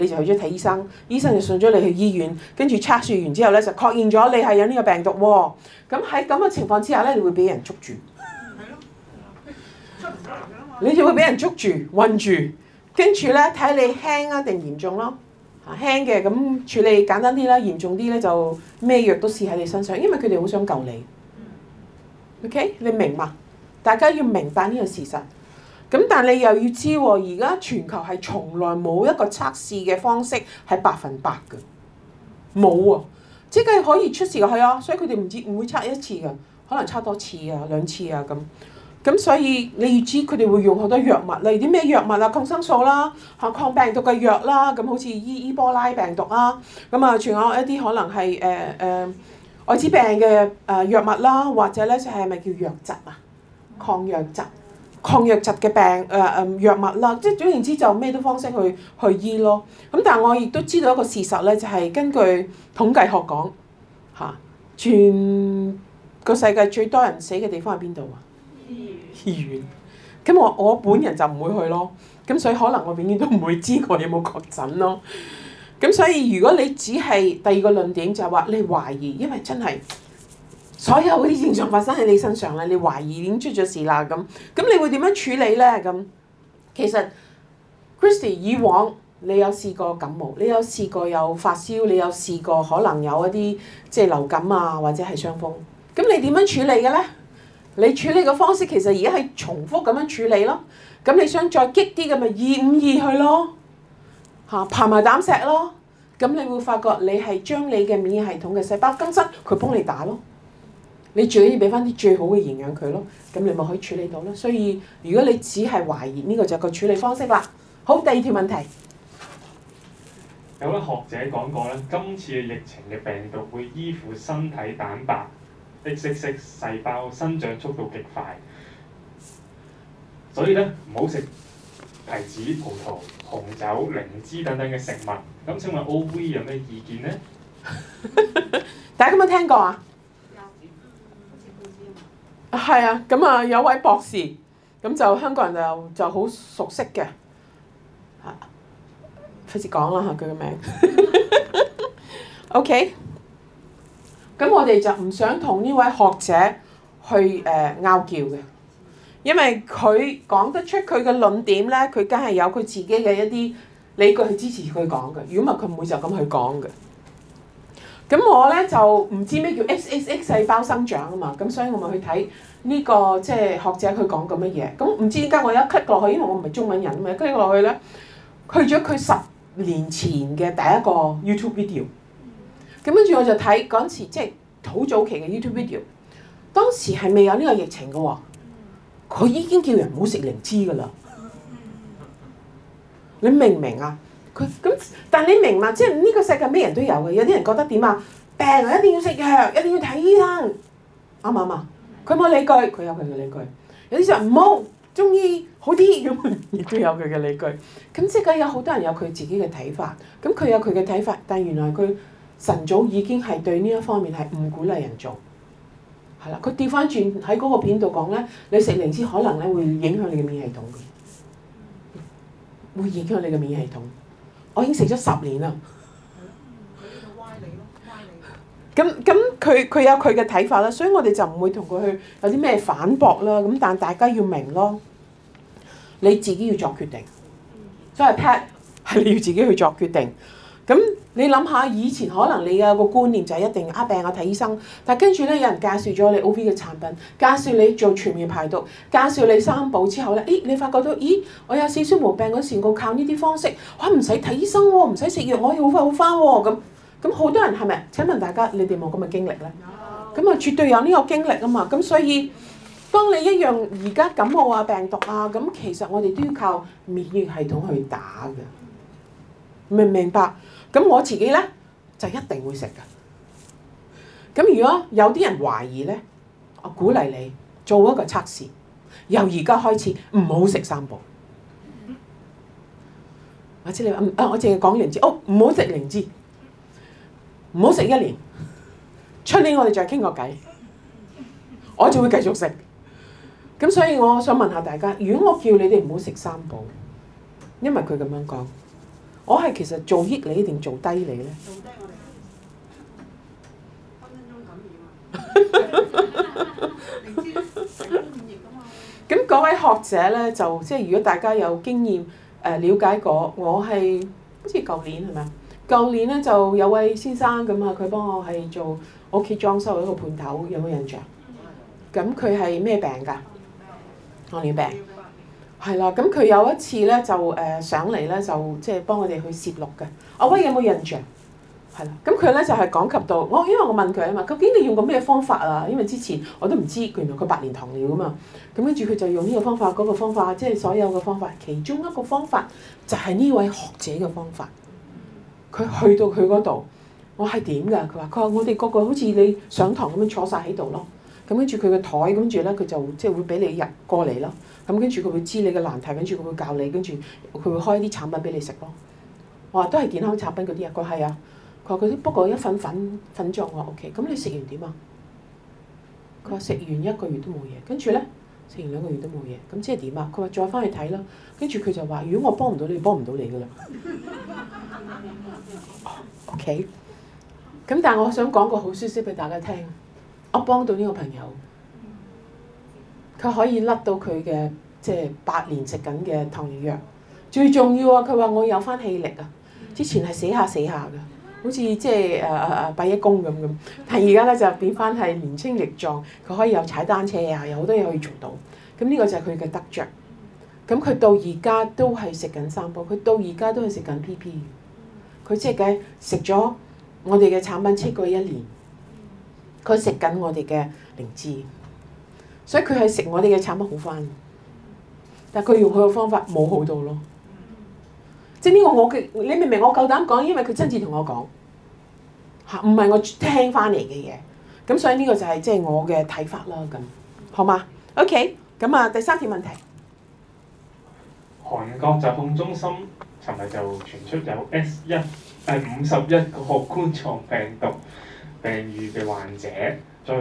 你就去咗睇醫生，醫生就送咗你去醫院，跟住測試完之後咧就確認咗你係有呢個病毒喎、哦。咁喺咁嘅情況之下咧，你會俾人捉住。你就會俾人捉住、韞住，跟住咧睇你輕啊定嚴重咯。輕嘅咁處理簡單啲啦，嚴重啲咧就咩藥都試喺你身上，因為佢哋好想救你。OK，你明嘛？大家要明白呢個事實。咁但係你又要知喎，而家全球係從來冇一個測試嘅方式係百分百嘅，冇喎，即係可以出事㗎，係啊，所以佢哋唔知唔會測一次㗎，可能測多一次啊、兩次啊咁。咁所以你要知佢哋會用好多藥物，例如啲咩藥物啊、抗生素啦、抗病毒嘅藥啦，咁好似伊伊波拉病毒啦。咁啊仲有一啲可能係誒誒愛滋病嘅誒藥物啦，或者咧係咪叫藥疾啊、抗藥疾。抗藥疾嘅病，誒、嗯、誒藥物啦，即係總言之就咩都方式去去醫咯。咁但係我亦都知道一個事實咧，就係、係、根據統計學講，嚇，全個世界最多人死嘅地方喺邊度啊？醫院。醫院。咁我我本人就唔會去咯。咁所以可能我永遠都唔會知我有冇確診咯。咁所以如果你只係第二個論點就係話你懷疑，因為真係。所有嗰啲現象發生喺你身上啦，你懷疑已經出咗事啦咁，咁你會點樣處理咧？咁其實 Christie 以往你有試過感冒，你有試過有發燒，你有試過可能有一啲即係流感啊或者係傷風，咁你點樣處理嘅咧？你處理嘅方式其實而家係重複咁樣處理咯。咁你想再激啲嘅咪二五二去咯，吓，爬埋膽石咯。咁你會發覺你係將你嘅免疫系統嘅細胞更新，佢幫你打咯。你最緊要畀翻啲最好嘅營養佢咯，咁你咪可以處理到咯。所以如果你只係懷疑呢、呢個就係個處理方式啦。好，第二條問題，有位學者講過咧，今次嘅疫情嘅病毒會依附身體蛋白的色色細胞，生長速度極快，所以咧唔好食提子、葡萄、紅酒、靈芝等等嘅食物。咁請問 O V 有咩意見咧？ <laughs> 大家有冇聽過啊？啊，係啊，咁啊有位博士，咁就香港人就就好熟悉嘅，啊，費事講啦嚇佢嘅名 <laughs> ，OK，咁我哋就唔想同呢位學者去誒拗撬嘅，因為佢講得出佢嘅論點咧，佢梗係有佢自己嘅一啲理據去支持佢講嘅，如果唔係佢唔會就咁去講嘅。咁我咧就唔知咩叫 SSX 細胞生長啊嘛，咁所以我咪去睇呢個即係學者佢講緊乜嘢，咁唔知點解我一咳落去，因為我唔係中文人啊嘛，一咳落去咧，去咗佢十年前嘅第一個 YouTube video。咁跟住我就睇嗰陣時即係好早期嘅 YouTube video，當時係未有呢個疫情嘅喎，佢已經叫人唔好食靈芝嘅啦。你明唔明啊？咁，但係你明嘛？即係呢個世界咩人都有嘅，有啲人覺得點啊？病啊，一定要食藥，一定要睇醫生，啱唔啱啊？佢冇理據，佢有佢嘅理據。有啲人唔好中醫，好啲咁，亦都 <laughs> 有佢嘅理據。咁即係有好多人有佢自己嘅睇法。咁佢有佢嘅睇法，但係原來佢晨早已經係對呢一方面係唔鼓勵人做。係啦，佢調翻轉喺嗰個片度講咧，你食靈芝可能咧會影響你嘅免疫系統嘅，會影響你嘅免疫系統。我已經食咗十年啦。咁咁佢佢有佢嘅睇法啦，所以我哋就唔會同佢去有啲咩反駁啦。咁但大家要明咯，你自己要作決定。所以 Pat 係你要自己去作決定。咁。你諗下，以前可能你嘅個觀念就係一定啊病我睇醫生，但係跟住咧有人介紹咗你 OV 嘅產品，介紹你做全面排毒，介紹你三補之後咧，咦你發覺到咦我有少少毛病嗰時，我靠呢啲方式，我唔使睇醫生喎，哦，唔使食藥，我可以好快好返喎，咁咁好多人係咪？請問大家，你哋冇咁嘅經歷咧？咁啊，絕對有呢個經歷啊嘛，咁所以當你一樣而家感冒啊、病毒啊，咁其實我哋都要靠免疫系統去打嘅，明唔明白？咁我自己呢，就一定會食㗎。咁如果有啲人懷疑呢，我鼓勵你做一個測試，由而家開始唔好食三寶。或者你話啊，我淨係講靈芝，哦唔好食靈芝，唔好食一年。出年我哋再傾個偈，我就會繼續食。咁所以我想問下大家，如果我叫你哋唔好食三寶，因為佢咁樣講。我係其實做益你定做低你咧？做低我哋分分鐘感染啊！你知啊，感染噶嘛？咁嗰位學者咧，就即係如果大家有經驗誒了解過，我係好似舊年係咪？舊年咧就有位先生咁啊，佢幫我係做屋企裝修嗰個盤頭，有冇印象？咁佢係咩病㗎？糖尿病？係啦，咁佢有一次咧就誒、呃、上嚟咧就即係幫我哋去攝錄嘅。阿、啊、威有冇印象？係啦，咁佢咧就係、是、講及到我、哦，因為我問佢啊嘛，究竟你用過咩方法啊？因為之前我都唔知，原來佢百年堂料啊嘛。咁跟住佢就用呢個方法、嗰、那個方法，即係所有嘅方法，其中一個方法就係、是、呢位學者嘅方法。佢去到佢嗰度，我係點㗎？佢話：佢話我哋個個好似你上堂咁樣坐晒喺度咯。咁跟住佢嘅台，跟住咧佢就即係會俾你入過嚟咯。咁跟住佢會知你嘅難題，跟住佢會教你，跟住佢會開啲產品俾你食咯。我話都係健康產品嗰啲啊，佢話係啊，佢話佢啲不過一份粉粉狀，我話 O K。咁你食完點啊？佢話食完一個月都冇嘢，跟住咧食完兩個月都冇嘢，咁即係點啊？佢話再翻去睇啦。跟住佢就話：如果我幫唔到你，幫唔到你噶啦。O K、 <laughs> 哦。咁、OK，但係我想講個好消息俾大家聽，我幫到呢個朋友。佢可以甩到佢嘅即係八年食緊嘅糖尿藥，最重要啊！佢話我有翻氣力啊！之前係死下死下嘅，好似即係誒誒誒閉翳公咁咁，但係而家咧就變翻係年青力壯，佢可以有踩單車啊，有好多嘢可以做到。咁呢個就係佢嘅得着。咁佢到而家都係食緊三寶，佢到而家都係食緊 PP。佢即係食咗我哋嘅產品超過一年，佢食緊我哋嘅靈芝。所以佢係食我哋嘅產品好翻，但係佢用佢嘅方法冇好到咯。即係呢個我嘅，你明唔明？我夠膽講，因為佢親自同我講吓，唔係我聽翻嚟嘅嘢。咁所以呢個就係即係我嘅睇法啦。咁好嘛？OK。咁啊，第三條問題。韓國疾控中心尋日就傳出有 S 一第五十一個冠狀病毒病癒嘅患者。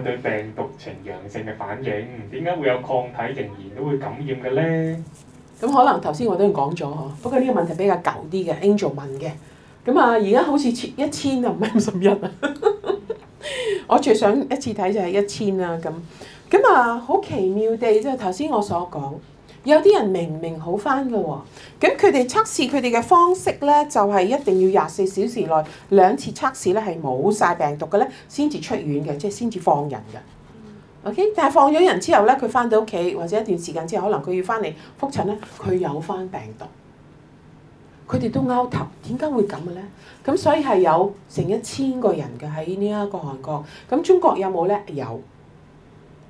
對對病毒呈陽性嘅反應，點解會有抗體仍然都會感染嘅咧？咁可能頭先我都講咗呵，不過呢個問題比較舊啲嘅，Angel 問嘅。咁啊，而家好似千一千啊，唔係五十一啊。51, <laughs> 我最想一次睇就係一千啦，咁咁啊，好奇妙地即係頭先我所講。有啲人明明好翻㗎喎，咁佢哋測試佢哋嘅方式咧，就係一定要廿四小時內兩次測試咧係冇晒病毒嘅咧，先至出院嘅，即係先至放人嘅。OK，但係放咗人之後咧，佢翻到屋企或者一段時間之後，可能佢要翻嚟覆診咧，佢有翻病毒。佢哋都拗頭，點解會咁嘅咧？咁所以係有成一千個人嘅喺呢一個韓國，咁中國有冇咧？有。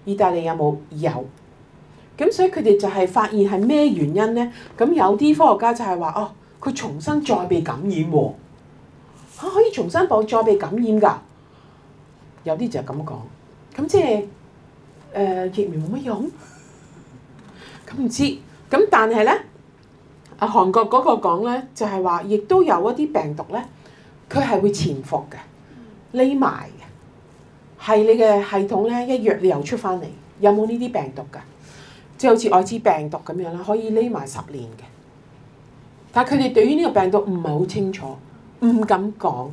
意大利有冇？有。咁所以佢哋就係發現係咩原因咧？咁有啲科學家就係話：哦，佢重新再被感染喎，哦，可以重新再被感染㗎。有啲就係咁講，咁即係誒疫苗冇乜用。咁唔知，咁但係咧，啊韓國嗰個講咧就係話，亦都有一啲病毒咧，佢係會潛伏嘅，匿埋嘅，係你嘅系統咧一藥你又出翻嚟，有冇呢啲病毒㗎？即係好似艾滋病毒咁樣啦，可以匿埋十年嘅。但係佢哋對於呢個病毒唔係好清楚，唔敢講。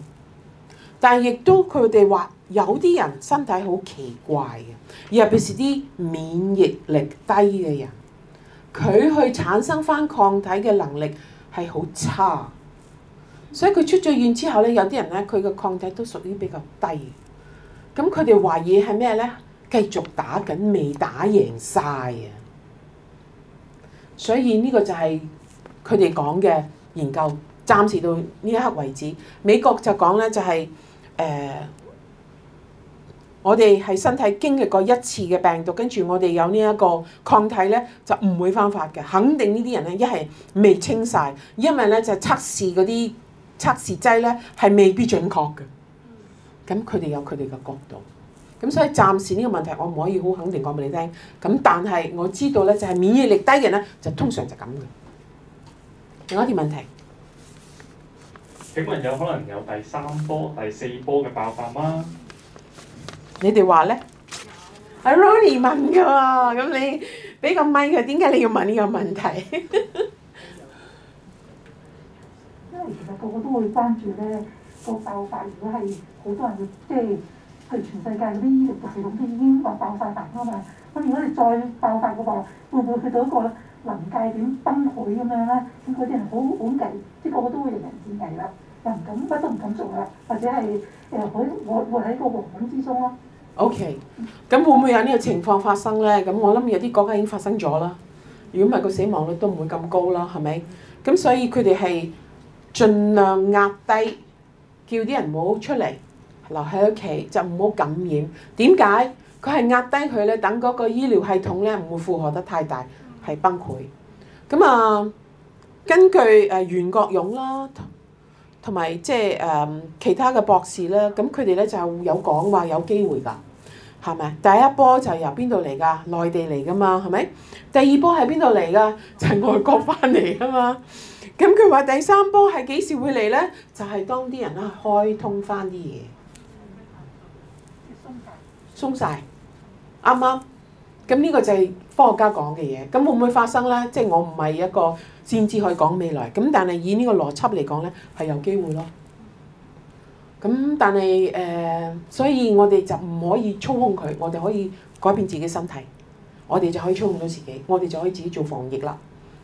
但係亦都佢哋話有啲人身體好奇怪嘅，而係是啲免疫力低嘅人，佢去產生翻抗體嘅能力係好差，所以佢出咗院之後咧，有啲人咧佢個抗體都屬於比較低。咁佢哋懷疑係咩咧？繼續打緊，未打贏晒。啊！所以呢個就係佢哋講嘅研究，暫時到呢一刻為止。美國就講呢、就係，就係誒，我哋喺身體經歷過一次嘅病毒，跟住我哋有呢一個抗體呢，就唔會翻發嘅。肯定呢啲人呢，一係未清晒，因為呢，就係測試嗰啲測試劑呢，係未必準確嘅。咁佢哋有佢哋嘅角度。咁所以暫時呢個問題我唔可以好肯定講俾你聽。咁但係我知道咧，就係免疫力低嘅人咧，就通常就咁嘅。另一條問題，請問有可能有第三波、第四波嘅爆發嗎？你哋話咧？阿 Ronnie 問嘅喎，咁你俾個咪佢，點解你要問呢個問題？因為其實個個都會關注咧，個爆發如果係好多人嘅，即係。佢全世界嗰啲醫療系統都已經話爆曬棚啊嘛，咁如果你再爆發嘅話，會唔會去到一個臨界點崩潰咁樣咧？咁嗰啲人好好危，即係個個都會人人自危啦，又唔敢乜都唔敢做啦，或者係誒活活活喺個惶恐之中咯。OK，咁會唔會有呢個情況發生咧？咁我諗有啲國家已經發生咗啦。如果唔係個死亡率都唔會咁高啦，係咪？咁所以佢哋係盡量壓低，叫啲人唔好出嚟。留喺屋企就唔好感染，點解？佢係壓低佢咧，等嗰個醫療系統咧唔會負荷得太大，係崩潰。咁啊，根據誒袁國勇啦，同埋即係誒其他嘅博士啦，咁佢哋咧就有講話有機會㗎，係咪？第一波就由邊度嚟㗎？內地嚟㗎嘛，係咪？第二波係邊度嚟㗎？就係外國翻嚟㗎嘛。咁佢話第三波係幾時會嚟咧？就係當啲人咧開通翻啲嘢。鬆晒，啱啱，咁呢個就係科學家講嘅嘢，咁會唔會發生呢？即係我唔係一個先知可以講未來，咁但係以呢個邏輯嚟講呢，係有機會咯。咁但係呃所以我哋就唔可以操控佢，我哋可以改變自己身體，我哋就可以操控到自己，我哋就可以自己做防疫啦，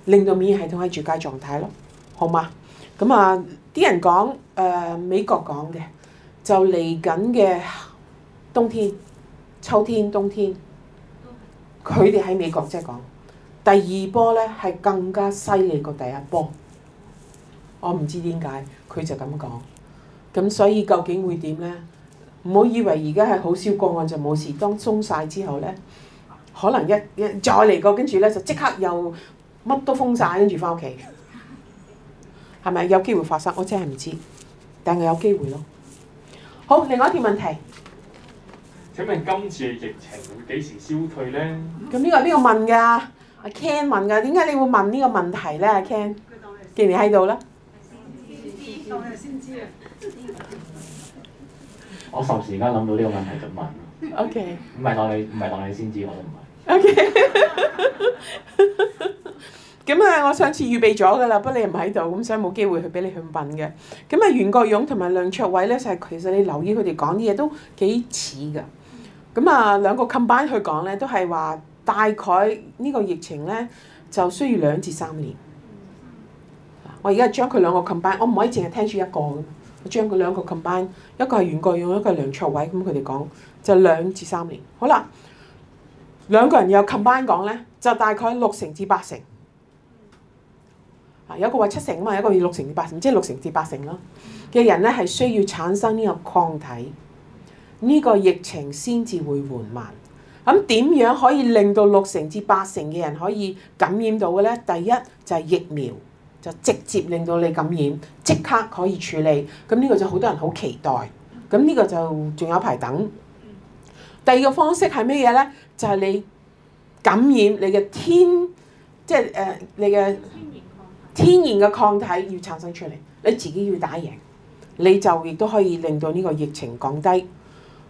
令到免疫系統喺絕佳狀態咯，好嘛？咁啊，啲人講呃美國講嘅就嚟緊嘅冬天。秋天、冬天，佢哋喺美國即係講第二波咧，係更加犀利過第一波。我唔知點解，佢就咁講。咁所以究竟會點咧？唔好以為而家係好少個案就冇事，當鬆曬之後咧，可能一一再嚟過，跟住咧就即刻又乜都封曬，跟住返屋企。係咪有機會發生？我真係唔知，但係有機會咯。好，另外一條問題。請問今次嘅疫情會幾時消退咧？咁呢個係邊個問㗎？阿 Ken 問㗎，點解你會問呢個問題咧？阿 Ken，既然你喺度啦，我霎時間諗到呢個問題就問。O K，唔係當你唔係當你先知我都唔係。O K，咁啊，Okay. Okay. <laughs> 我上次預備咗㗎啦，不過你唔喺度，咁所以冇機會去俾你去問嘅。咁啊，袁國勇同埋梁卓偉咧，就係其實你留意佢哋講啲嘢都幾似㗎。咁啊，兩個 combine 去講咧，都係話大概呢個疫情咧，就需要兩至三年。我而家將佢兩個 combine，我唔可以淨係聽住一個咁。我將佢兩個 combine，一個係袁國勇，一個係梁卓偉，咁佢哋講就兩至三年。好啦，兩個人又 combine 講咧，就大概六成至八成。啊，有一個話七成嘛，有一個要六成至八成，即係六成至八成咯嘅人咧，係需要產生呢個抗體。呢個疫情先至會緩慢。咁點樣可以令到六成至八成嘅人可以感染到嘅呢？第一就係疫苗，就直接令到你感染，即刻可以處理。咁呢個就好多人好期待。咁呢個就仲有排等。第二個方式係咩嘢呢？就係你感染你嘅天，即係誒你嘅天然嘅抗體要產生出嚟，你自己要打贏，你就亦都可以令到呢個疫情降低。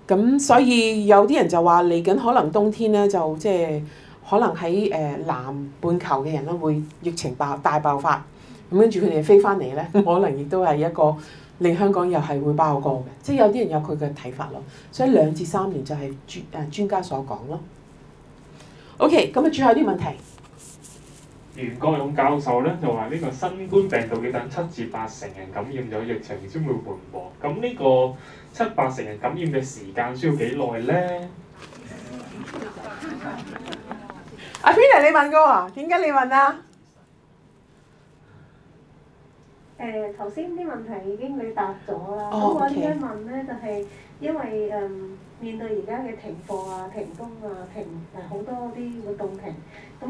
咁所以有啲人就話嚟緊可能冬天咧就即係可能喺誒南半球嘅人咧會疫情爆大爆發，咁跟住佢哋飛翻嚟咧，可能亦都係一個令香港又係會爆過嘅，即係有啲人有佢嘅睇法咯。所以兩至三年就係專誒專家所講咯。O K，咁啊最後啲問題。袁國勇教授咧就話：呢個新冠病毒嘅等七至八成人感染咗疫情先會緩和。咁呢個七八成人感染嘅時間需要幾耐咧？阿菲尼，你問過啊，點解你問啊？誒、呃，頭先啲問題已經你答咗啦，oh, okay. 我揾嘢問咧就係、是、因為誒、嗯、面對而家嘅停課啊、停工啊、停誒好多啲活動停，咁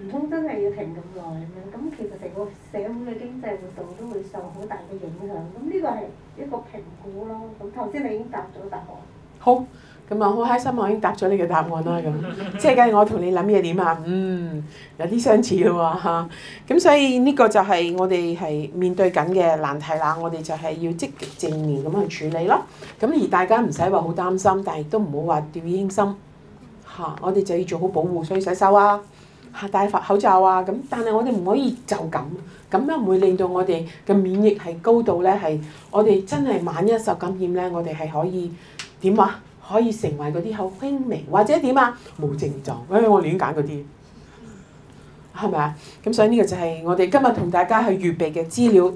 唔通真係要停咁耐咩？咁其實成個社會嘅經濟活動都會受好大嘅影響，咁呢個係。一個評估咯，咁頭先你已經答咗答案。好，咁啊，好開心，我已經答咗你嘅答案啦。咁，即係梗係我同你諗嘢點啊？嗯，有啲相似喎咁、啊、所以呢個就係我哋係面對緊嘅難題啦。我哋就係要積極正面咁去處理咯。咁、啊、而大家唔使話好擔心，但亦都唔好話掉以輕心嚇、啊。我哋就要做好保護，所以洗手啊，啊戴防口罩啊咁、啊。但係我哋唔可以就咁。咁樣唔會令到我哋嘅免疫係高度咧，係我哋真係萬一受感染咧，我哋係可以點啊？可以成為嗰啲好輕微，或者點啊？冇症狀，誒，我亂揀嗰啲，係咪啊？咁所以呢個就係我哋今日同大家去預備嘅資料。